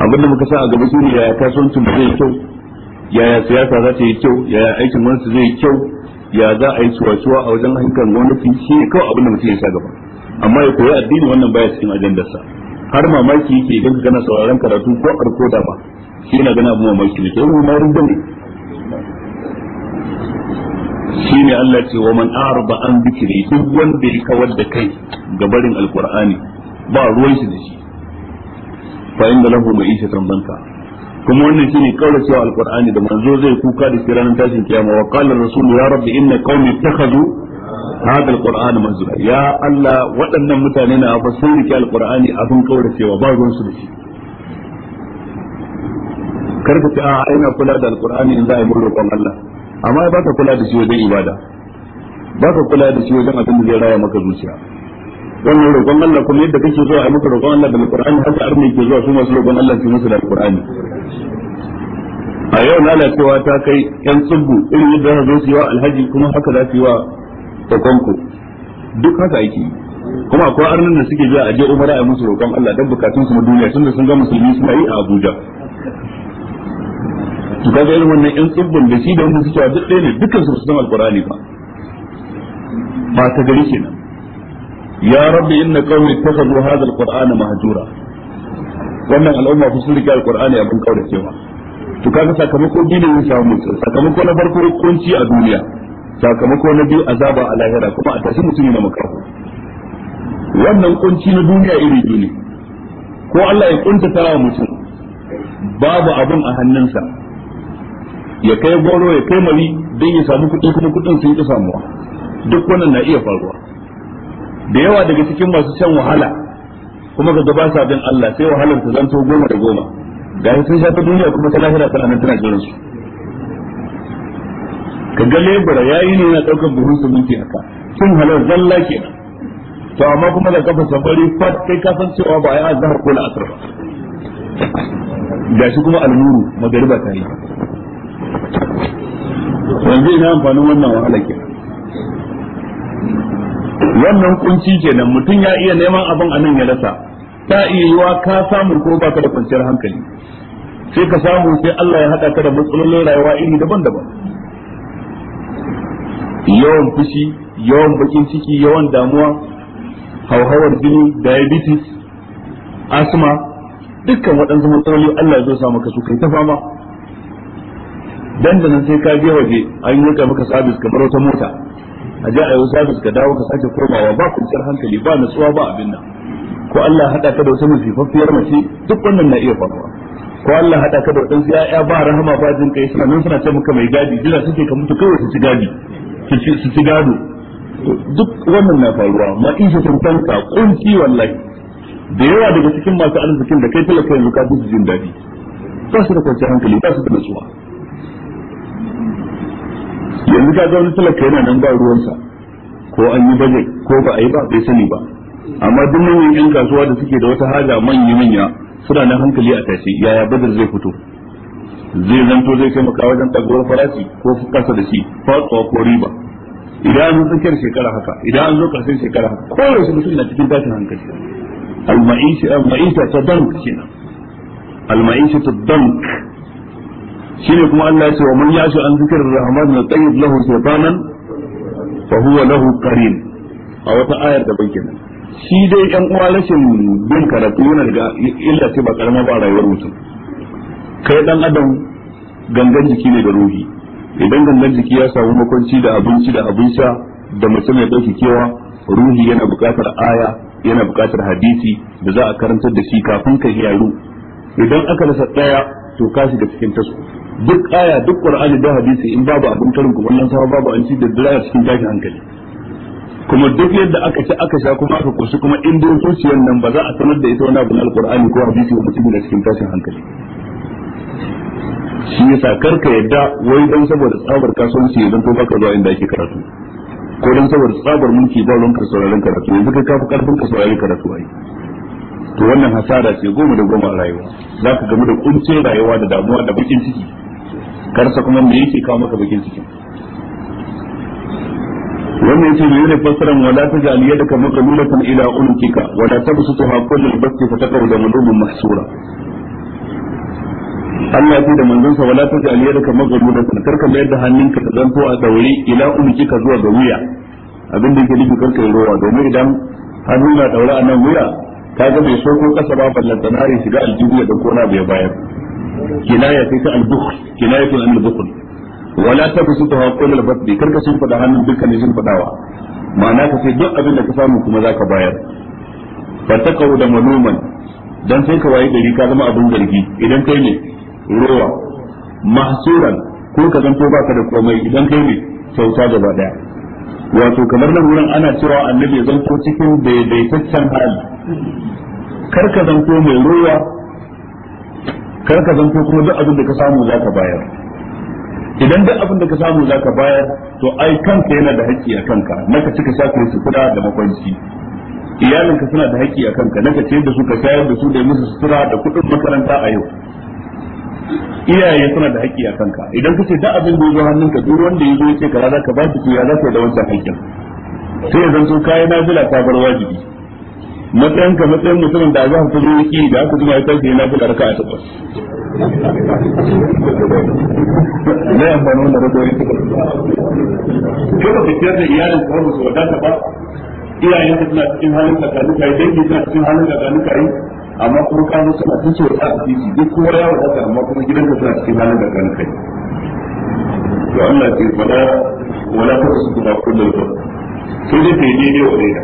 abin da muka sa a gaba ne yaya kasuwancin da zai kyau yaya siyasa za ta yi kyau yaya aikin gwamnati zai kyau ya za a yi cuwa-cuwa a wajen hankan gwamnati shi ne kawai abin da mutum ya sa gaba amma ya koya addini wannan baya cikin ajandarsa har mamaki yake idan ka gana sauraron karatu ko da ba shi yana gana abin mamaki ne yi ma rinda ne shi ne Allah ce wa man arba an bikiri duk wanda ya kawar da kai ga barin alkur'ani ba ruwan shi da shi fa inda lahu ma'isha tambanka kuma wannan shine kaura cewa alqur'ani da manzo zai kuka da ranar tashin kiyama wa qala rasul ya rabbi inna qaumi ittakhadhu hada alqur'ana mazura ya allah waɗannan mutane na fa sun rike alqur'ani abin kaura cewa ba ruwan su da shi kar ka ce a ina kula da alqur'ani in za a yi roƙon allah amma ba ka kula da shi wajen ibada ba ka kula da shi wajen abin da zai raya maka zuciya wannan roƙon Allah kuma yadda kake zuwa a maka roƙon Allah da Alƙur'ani haka arni ke zuwa su masu roƙon Allah su musu da Alƙur'ani a yau lalacewa ta kai yan tsibbu irin yadda za su yi wa alhaji kuma haka za su yi wa tsakonku duk haka aiki kuma akwai arnin da suke biya a je umara a musu roƙon Allah don bukatun su na duniya da sun ga musulmi suna yi a Abuja su kaga irin wannan yan tsubbun da shi da wanda suke duk ɗaya ne dukkan su san Alƙurani ba ba ta gari kenan ya rabbi inna qawmi takhadhu hadha alqur'ana mahjura wannan al'umma ku sun rike alqur'ani abin cewa to kaga sakamako biyu ne samu sakamako na farko kunci a duniya sakamako na biyu azaba a lahira kuma a tashi mutum na makafu wannan kunci na duniya iri biyu ne ko Allah ya kunta wa mutum babu abin a hannunsa ya kai goro ya kai mali don ya samu kuɗi kuma kuɗin sun ki samuwa duk wannan na iya faruwa da yawa daga cikin masu shan wahala kuma ga gaba sa bin Allah sai wahalar ta zanto goma da goma ga sun shafi duniya kuma ta lahira ta nan tana jiran su ka ga lebura yayi ne yana ɗaukar buhun minti haka sun halar zalla kenan to amma kuma da kafa safari fat kai ka san cewa ba ya zahar ko la'asar ba shi kuma almuru magariba ta yi yanzu ina amfanin wannan wahala ke. wannan kunci kenan mutum ya iya neman abin a nan ya rasa ta iya yiwa ka samu ko ba ka da kwanciyar hankali sai ka samu sai Allah ya haɗa ka da matsalolin rayuwa iri daban-daban yawan fushi yawan bakin ciki yawan damuwa hauhawar jini diabetes asma dukkan waɗansu matsaloli Allah ya zo samu ka su kai ta fama dandana sai ka je waje an yi maka sabis kamar wata mota a je a yi sabis ka dawo ka sake komawa ba kwanciyar hankali ba natsuwa ba abin nan ko Allah haɗa ka da mafi fafiyar mace duk wannan na iya faruwa ko Allah haɗa ka da wadansu ya'ya ba rahama ba jin kai suna nan suna ce maka mai gadi jira suke ka mutu kawai su ci gadi su ci gado duk wannan na faruwa ma in shi tantanka kunci wallahi da yawa daga cikin masu arzikin da kai talaka yanzu ka fi jin daɗi ba su da kwanciyar hankali ba su da natsuwa yanzu ka ga wani talaka yana nan ba ruwansa ko an yi baje ko ba a yi ba bai sani ba amma duk manyan yan kasuwa da suke da wata haja manya manya suna nan hankali a tashi yaya badar zai fito zai zanto zai taimaka wajen ɗaguwar farashi ko kasa da shi fatsuwa ko riba idan an tsakiyar shekara haka idan an zo karshen shekara haka ko yaushe mutum na cikin tashin hankali al-ma'isha al-ma'isha ta dank kenan al-ma'isha ta dank shine kuma Allah ya ce wa man yashu an zikr rahman na tayyib lahu shaytanan fa huwa lahu qarin a wata ayar da bai kenan shi dai yan uwa rashin bin karatu yana daga illa ce ba karama ba rayuwar mutum kai dan adam gangan jiki ne da ruhi idan gangan jiki ya samu makwanci da abinci da abin sha da mutum ya dauki kewa ruhi yana bukatar aya yana bukatar hadisi da za a karantar da shi kafin ka yaru idan aka rasa daya to ka da cikin tasu duk aya duk qur'ani da hadisi in babu abin karin ku wannan sama babu an ci da dira cikin dakin hankali kuma duk yadda aka ci aka sha kuma aka kushi kuma in dai zuciyar nan ba za a sanar da ita wani abin alqur'ani ko hadisi ba cikin da cikin tashin hankali shi yasa karka yadda wai dan saboda tsabar kasuwanci ya zanto baka zuwa inda ake karatu ko dan saboda tsabar mulki ba ruwan sauraron karatu yanzu kai ka fi karfin ka sauraron karatu ai to wannan hasara ce goma da goma a rayuwa za ka gamu da kuncin rayuwa da damuwa da bakin ciki karsa kuma me yake kawo maka bakin ciki wannan yace me yana fassaran wala da kamar kalulatan ila unkika wala tabsutuha kullal basti fataqruda madhubun mahsura Allah ce da manzonsa wala ta ji aliyar ka magaru da kan karka mayar da hannunka ta zanto a daure ila umki zuwa ga wuya abin da yake nufi karka yi rowa domin idan hannu na ɗaura a nan wuya kaga bai so ko kasa ba ballanta na shiga aljihu ya dauko na bai bayar kinaya sai ta albukh kinaya tun albukh wala ta kusu ta hakul albukh karka sun fada hannun dukkanin sun fadawa ma'ana ka sai duk abin da ka samu kuma zaka bayar fatakaru da manuman dan sai ka waye gari ka zama abin gargi idan kai ne rowa mahsuran ko ka zanto baka da komai idan kai ne kyauta gaba daya wato kamar nan wurin ana cewa annabi zan ko cikin daidaitaccen hali kar ka ko mai ruwa kar ka ko kuma duk abin da ka samu za ka bayar idan duk abin da ka samu za ka bayar to ai kanka yana da haƙƙi a kanka na ka cika sa su kuɗa da makwanci iyalinka suna da haƙƙi a kanka na ka ce da su ka shayar da su da musu sutura da kuɗin makaranta a yau iyaye suna da haƙƙi a kanka idan kace da abin da ya zo hannunka duk wanda ya zo yace kaza ka ba shi ya za zaka da wancan haƙƙin sai ya zanto kai na bila ta bar wajibi matsayin ka matsayin mutumin da za ka zo yaki da aka jima ya tashi na bila a takwas ne amfani wannan radoyi ko ba kiyar da iyalin ko ba su wadata ba iyayen ka suna cikin halin da kanuka dangi suna cikin halin tsakanin kanuka amma kuma ka zo suna cin cewa ta titi duk kowa ya ta amma kuma gidanka suna cikin halin da kan kai to Allah ke fada wala ta su kuma kullum ba sai dai kai ne ne wa daida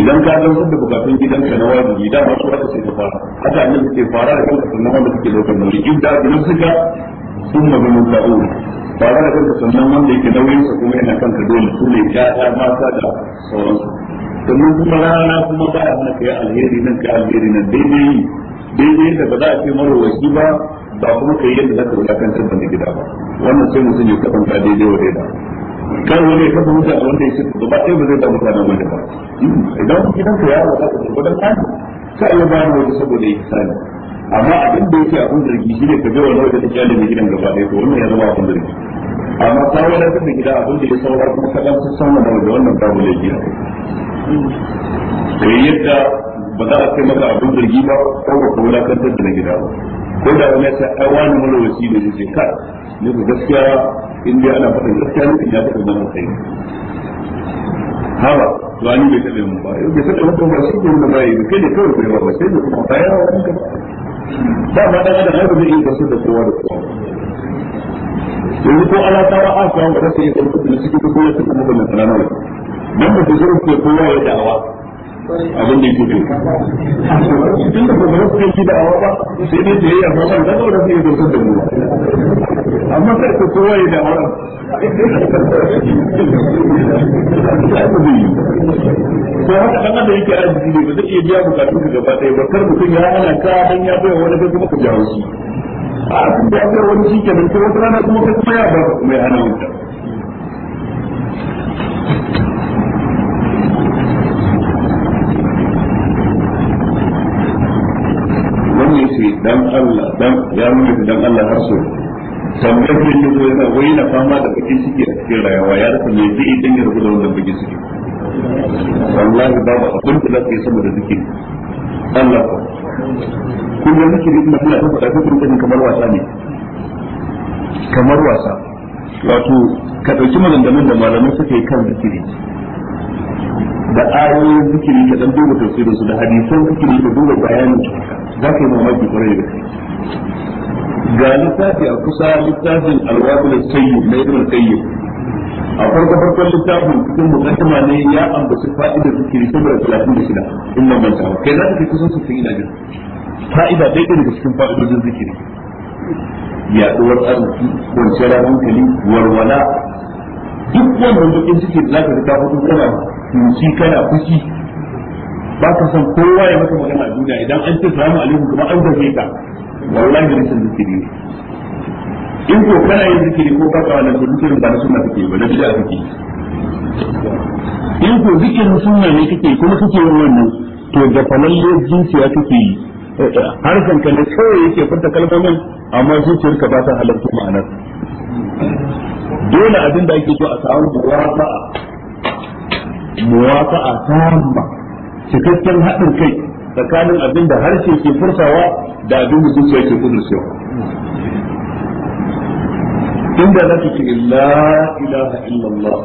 idan ka gamsar da bukatun gidanka na wajibi da su aka sai ka fara haka annabi ke fara da kanka sannan wanda kake daukar nauyi gidda gidan suka sun da uwa fara da kanka sannan wanda yake nauyinsa kuma yana kanka dole su ne ya mata da sauransu sannan kuma rana kuma ba a hana kai alheri nan kai alheri nan daidai daidai da ba za a ce wasi ba ba kuma kai yadda za ka wulakantar da gida ba wannan sai mutum ya ka daidai wa daidai Kan wani ya kafa mutane wanda ya shirka gaba ɗaya ba zai ba mutane wanda ba idan gidan ka ya za ka tafi dan kan ka iya ni wani saboda ya sani amma abin da yake abin zargi shine ka ga wani wanda take da gidan gaba ɗaya to wannan ya zama abin zargi amma ta wani da gida abin da ya saura kuma kaɗan sun san wannan da wannan babu laifi a kai yadda ba za a kai maka abin zargi ba ko ba ka wulakantar da na gida ba ko da wani ta ai wani marwaci da yake ka ne ko gaskiya in dai ana faɗin gaskiya ne ya faɗin nan sai haba to ani bai tabe mun ba yau bai tabe mun ba shi ne mun bai kai ne kawai bai ba sai ne kuma bayar wa kanka ba ma dan adam ai bai yi gaskiya da kowa da kowa yanzu ko ala tara a ba za ta yi gaskiya da kowa da kowa da kowa dan ba su ke kowa ya da'awa abin da yake tun da kuma da'awa ba sai dai da kuma da amma sai kowa ko haka da yake arziki ne ba zai iya biya gaba ɗaya ba kar wani kai ka a kun ya wani shi kenan ko wata rana kuma ka ba ya hana wuta dan Allah dan ya mutu dan Allah har so tambayar da yake zo yana wai na fama da kake ciki a cikin rayuwa ya rasa ne zai idan ya rubuta wannan baki ciki wallahi babu abin da zaka yi sama da Allah ko kun ga zikiri ina kula da faɗa ko kun kamar wasa ne kamar wasa wato ka dauki maganganun da malamai suke kan zikiri da ayoyin zikiri ka dan duba tafsirin su da hadisan zikiri da duba bayanin su za ka yi mamaki kwarai da ga littafi a kusa littafin alwatul sayyid na ibn sayyid a farko farkon littafin cikin mukaddima ne ya ambaci fa'idar zikiri saboda da in man manta kai za ka kai kusan 60 ina jin fa'ida ɗaya ɗaya daga cikin fa'idodin zikiri yaɗuwar arziki kwanciyar hankali warwala duk wanda ɗin suke da zaka rika hudu kana fushi kana fushi ba ka san kowa ya maka magana a duniya idan an ce salamu alaikum kuma an zafe ka wallahi rashin zikiri ne in ko kana yin zikiri ko ka kawo nan zikirin ba na sunna kake ba na bid'a kake in ko zikirin sunna ne kake kuma kake yin wannan to da falalle jinsiya kake yi harkan ka ne kawai yake furta kalmomin amma zuciyarka ba ta halarta ma'anar dole abin da ake so a samu muwafa'a muwafa'a tamma cikakken haɗin kai tsakanin abin da harshe ke furtawa da abin da zuciya ke kudurcewa inda za ka ce la ilaha illallah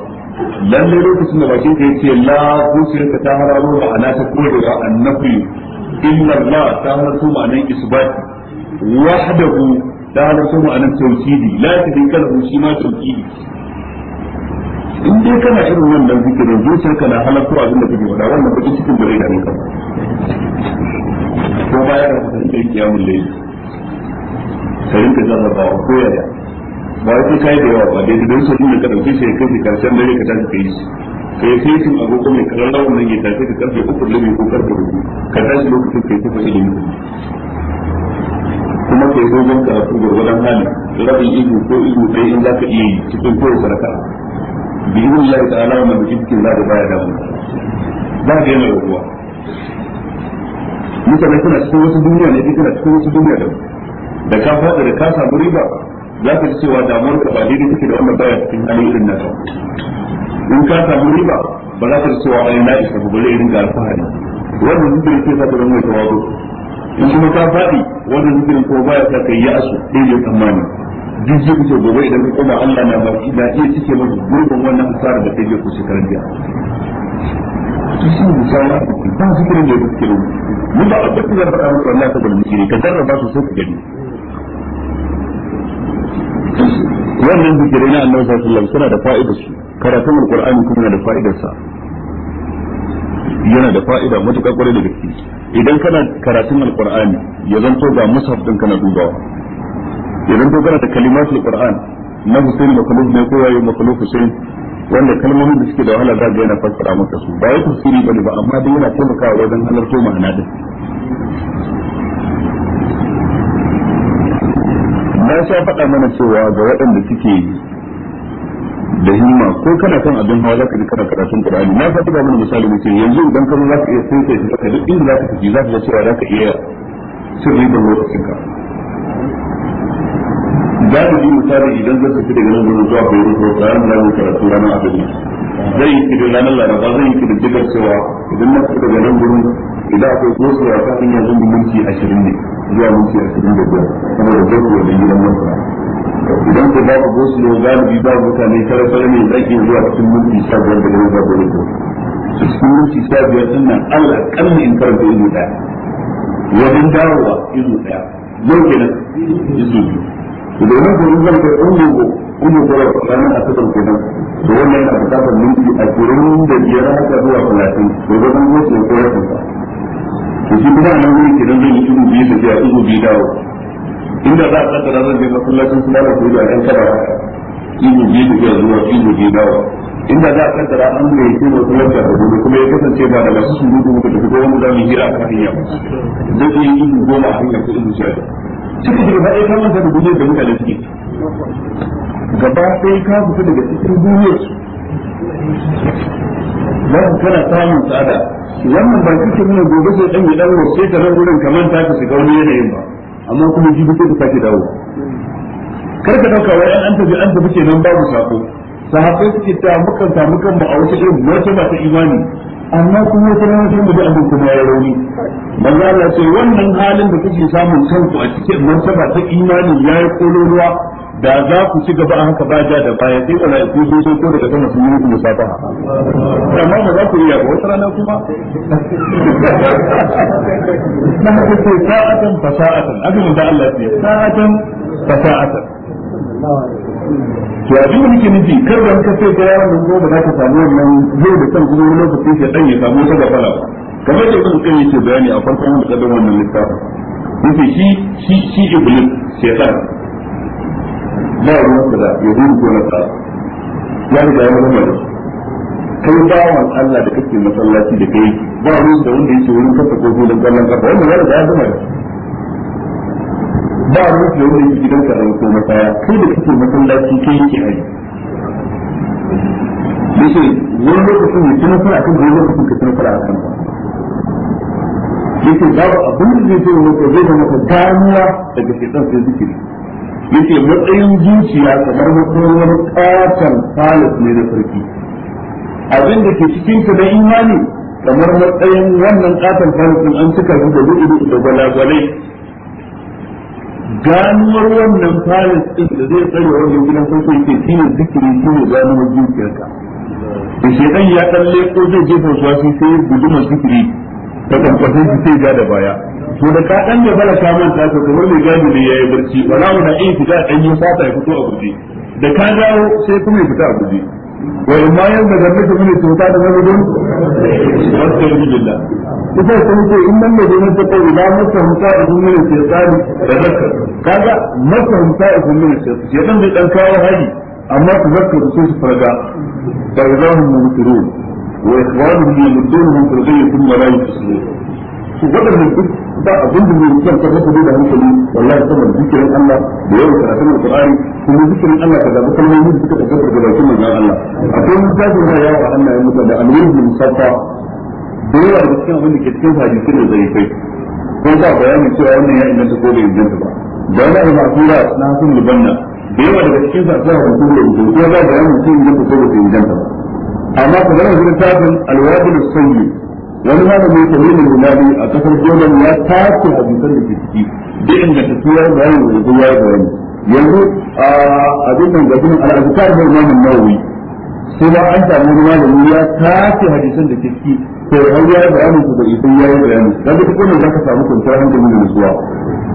lalle lokacin da bakin ka yace la zuciya ka ta hararo ma'ana ta korewa annabi illa illallah ta hararo ma'anan isbati wahdahu da halarta mu anan tauhidi la tadika lahu shi ma tauhidi in dai kana irin wannan zikirin ka na halarta abin da kake faɗa wannan bakin cikin bare da ranka ko baya da kusantar kiyamun laili ka rinka jarrabawa ko yaya ba wai kai da yawa ba dai don so din ka dauke shi kai karshen dare ka tashi kai shi kai sai kin agogo mai kallon wannan ya tashi ka karfe uku da ko karfe 4 ka tashi lokacin kai kuma ilimi kuma kai dogon karatu gurgurdan hali rabin ido ko ido ɗaya in zaka iya yi cikin kowace raka'a bi idnillahi ta'ala wannan da cikin za da baya damu za ka yana rabuwa mutane suna cikin wasu duniya ne kana cikin wasu duniya da da ka fada da ka samu riba za ka ji cewa damuwar ka ba daidai take da wannan baya cikin hali irin nasa in ka samu riba ba za ka ji cewa ai na isa ba bare irin ga alfahari wannan duk da yake sa ka zama mai tawazu in kuma ta faɗi wannan zikirin ko baya sa kai ya asu dai ne tsammani duk zai kuce gobe idan ka koma Allah na baki da iya cike maka gurbin wannan asara da kai je ku shekaran jiya to shi ne tsara ba zikirin da yake cikin mun ba abin da zaka faɗa Allah ta bar miki ka jarraba su sai ku gani wannan zikirai na annabi sallallahu alaihi wasallam suna da fa'idar su karatun alqur'ani kuma yana da fa'idarsa. sa yana da fa'ida matuƙa kwarai da gaske idan kana karatun alqur'ani ya zanto ga mushaf din kana dubawa idan to kana da kalimatul qur'an na Hussein makaluf ne ko yayi makaluf husain wanda kalmomin da suke da wahala za yana fassara maka su ba ya siri bane ba amma dai yana taimakawa wajen halarto ma'ana din na sha faɗa mana cewa ga waɗanda suke da himma ko kana kan abin hawa zaka ji kana karatun Qur'ani na fata ba mana misali mu ce yanzu idan ka zaka iya sai sai ka duk inda zaka tafi zaka ga cewa zaka iya sirri da lokacin ka da mu yi misali idan zaka tafi daga nan zuwa Beirut ko tsarin da mu karatu ranar abin zai yi kidan ranar Laraba zai yi kidan diga cewa idan na fita daga nan gurin idan akwai ka ta yanzu mun minti 20 ne zuwa minti 25 saboda gosuwa da gidan masara idan ku babu gosulo galibi ba mutane tare-tare ne zaki zuwa cikin mulki sha biyar da gani babu ne su cikin mulki sha biyar din nan allah kalli in karanta ido daya wajen dawowa ido daya yau kenan ido biyu to da wannan gurin zan kai ɗan gogo kuma gura ranar asabar kenan da wannan yana buƙatar minti ashirin da biyar haka zuwa talatin da wajen gosulo ko ya rasinsa to shi kuma a nan wuri kenan zan yi ido biyu da tafiya ido biyu dawowa inda za a kaddara zan je masallacin kula da koyi a kan kada kiwo je da zuwa kiwo je dawa inda za a kaddara an mai yake masallacin da gobe kuma ya kasance ba da masu surutu muka tafi ko wani za mu hira a kan hanya ba zai yi ido goma a hanya ko ido sha cikin da ba ɗaya kamar da gudun da mutane suke gaba ɗaya ka fita daga cikin duniyar su za ka kana samun tsada wannan ba cikin nan gobe sai ɗan yi ɗan wasu ta nan wurin kamar ta ka shiga wani yanayin ba amma kuma jibi sai ka sake dawo kar ka dauka wai an bi an tafi nan babu sako sahabbai suke ta mukan samu kanmu a wata irin wata ta imani amma kuma wata rana sai mu ji abin kuma ya rauni manzo Allah ce wannan halin da kuke samun kanku a cikin ba ta imani yayi kololuwa da za ku ci gaba a haka baja da baya sai wala ku zo so ko daga sama sun yi musafaha amma ba za ku iya ba wata rana kuma na ku ce sa'atan fa fasa'atan abin da Allah ya ce sa'atan fasa'atan to abin da nake nufi kar da muka ce ga yaron nan ba za ka samu wannan zai da kan kuma lokaci sai dan ya samu ta gaba kamar da ibn kan yake bayani a farkon wannan wannan littafin yake shi shi iblis shaytan ba ruwan da yahudu ko na nasara ya riga ya zama da kai wani Allah da kake masallaci da kai ba ruwan da wanda yake wurin kasa ko filin kallon kafa wanda ya riga ya zama da ba ruwan da wanda yake gidan ka ko masaya kai da kake masallaci kai yake hari yace wani lokacin ya tuna fara kan wani lokacin ka tuna a kan yace babu abin da zai zo maka zai zama ka damuwa daga shekan sai zikiri yace matsayin zuciya kamar matsayin wani katon palace ne da sarki abin da ke cikin ta da imani kamar matsayin wannan katon palace an cika shi da rubutu da gwalagwalai ganuwar wannan palace din da zai tsare wannan gidan sarki yake shine zikiri shine ganuwar zuciyarka da shedan ya kalle ko zai jefa shi sai gudumar zikiri ta kwankwace shi sai ja da baya to da ka dan da bala ka manta to kamar mai gadi ne yayi barci wala mu da in fita dan yi fata ya fito a guje da ka dawo sai kuma ya fita a guje wa in ma yanda da mutum ne to ta da mazudin wasu billah kusa sun ce in nan da dinin ta kai da masa a idan mun ce tsari da zakka kaga masa hunta idan mun ce ya dan bai dan kawo hali. amma ku zakka su su farga da zahun mutirun وإخوانهم يمدونهم في الغي ثم لا يستسلمون su waɗannan duk ba abin da mai kyan karfafa da hankali wallahi saboda zikirin Allah da yawan karatun Al-Qur'ani kuma zikirin Allah ka zaɓi kalmomi da suka tabbatar da bakin manzon Allah akwai misalin da yawa Allah ya mutu da alwajin musaffa da yawa da cikin abin ke cikin hadisi da zaifai ko ba bayanin cewa wannan ya inganta ko bai inganta ba da wani abu ma'asura na hasin libanna da yawa daga cikin sa suna da kuma bayanin inganta ko inganta amma ku zama gurin tafin alwadin sanyi wani hana mai tafiyin rumani a kasar jordan ya tafi hadisan da ke ciki da inganta tuwar bayan yanzu ya yi bayani yanzu a abin da ga jinin da imamun nawawi Su ba an samu wani malami ya tafi hadisan da ke ciki da har ya bayani su da idan ya yi bayani dan duk wannan zaka samu kwanciyar hankali da nutsuwa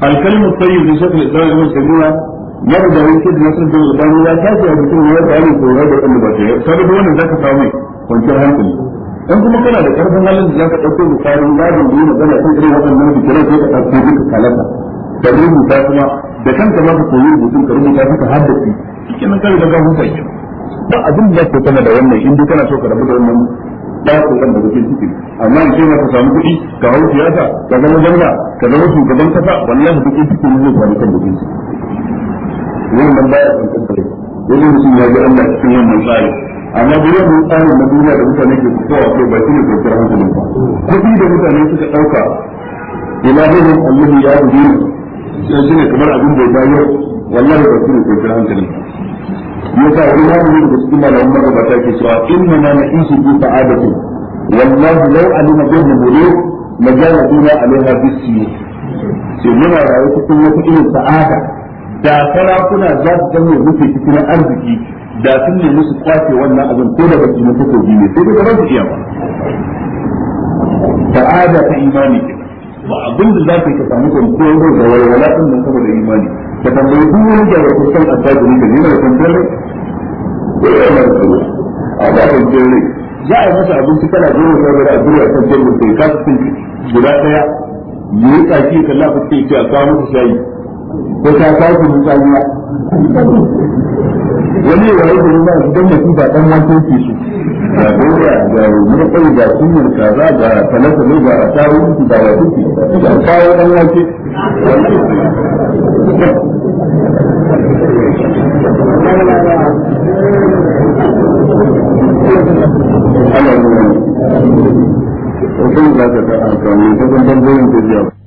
al da tayyib da shakal ibn yadda da wani da nasarar da albani ya tashi a cikin ya tsari tsoro da kan ba sai ka duk wannan zaka samu kwanciyar hankali in kuma kana da karfin halin da zaka dauko bukarin gadin da yana gana kan irin waɗannan bikiran sai ka ɗauko duka kalata da ta kuma da kanka za ka koyi rubutun ka rubuta suka haddace cikin nan kare da gafin sai ba abin da zaka tana da wannan in kana so ka rabu da wannan ba ɗakin kan da kake ciki amma in kai ka samu kuɗi ka hau siyasa ka zama gwamna ka zama shugaban kasa wallahi duk cikin ne ba da kan da kake ciki wannan baya son kankare wani mutum ya ga Allah cikin wannan tsari amma da wani tsarin na duniya da mutane ke kowa ke ba shi ne kwanciyar hankalin ba kuɗi da mutane suka ɗauka ilahirin Allah ya rubi sai shi ne kamar abin da ya yau wallahi ba shi ne kwanciyar hankalin yasa wani malami da cikin malamin magabata ke cewa inna na na ishi bi sa'adatu wallahi lau alima bihi muluk majalatu na alaiha bisiyu sai muna rayu cikin wata irin sa'ada da sarakuna za su zama rufe cikin arziki da sun ne musu kwace wannan abin ko da baki na takobi ne sai da ba su iya ba ta'ada ta imani ke ba abin da za ka yi ka samu kwanciyar da wala din nan saboda imani ka tambayi duk wani da ba ku san addini da ne da kwanciyar rai ko na, ba su a ba kwanciyar rai za a yi masa abinci kana zuwa sai da abin da kan jirgin sai ka su guda ɗaya. Mu yi tsaki kalla ku ce a kawo musu shayi ko ta kawo kunun tsamiya wani ya yi da ruwa idan mutum ba dan wanke ke su ga dora ga murƙai ga sunan kaza ga talatalo ga asaru ga wasuki da kawo dan wanke Allah ya ta amfani,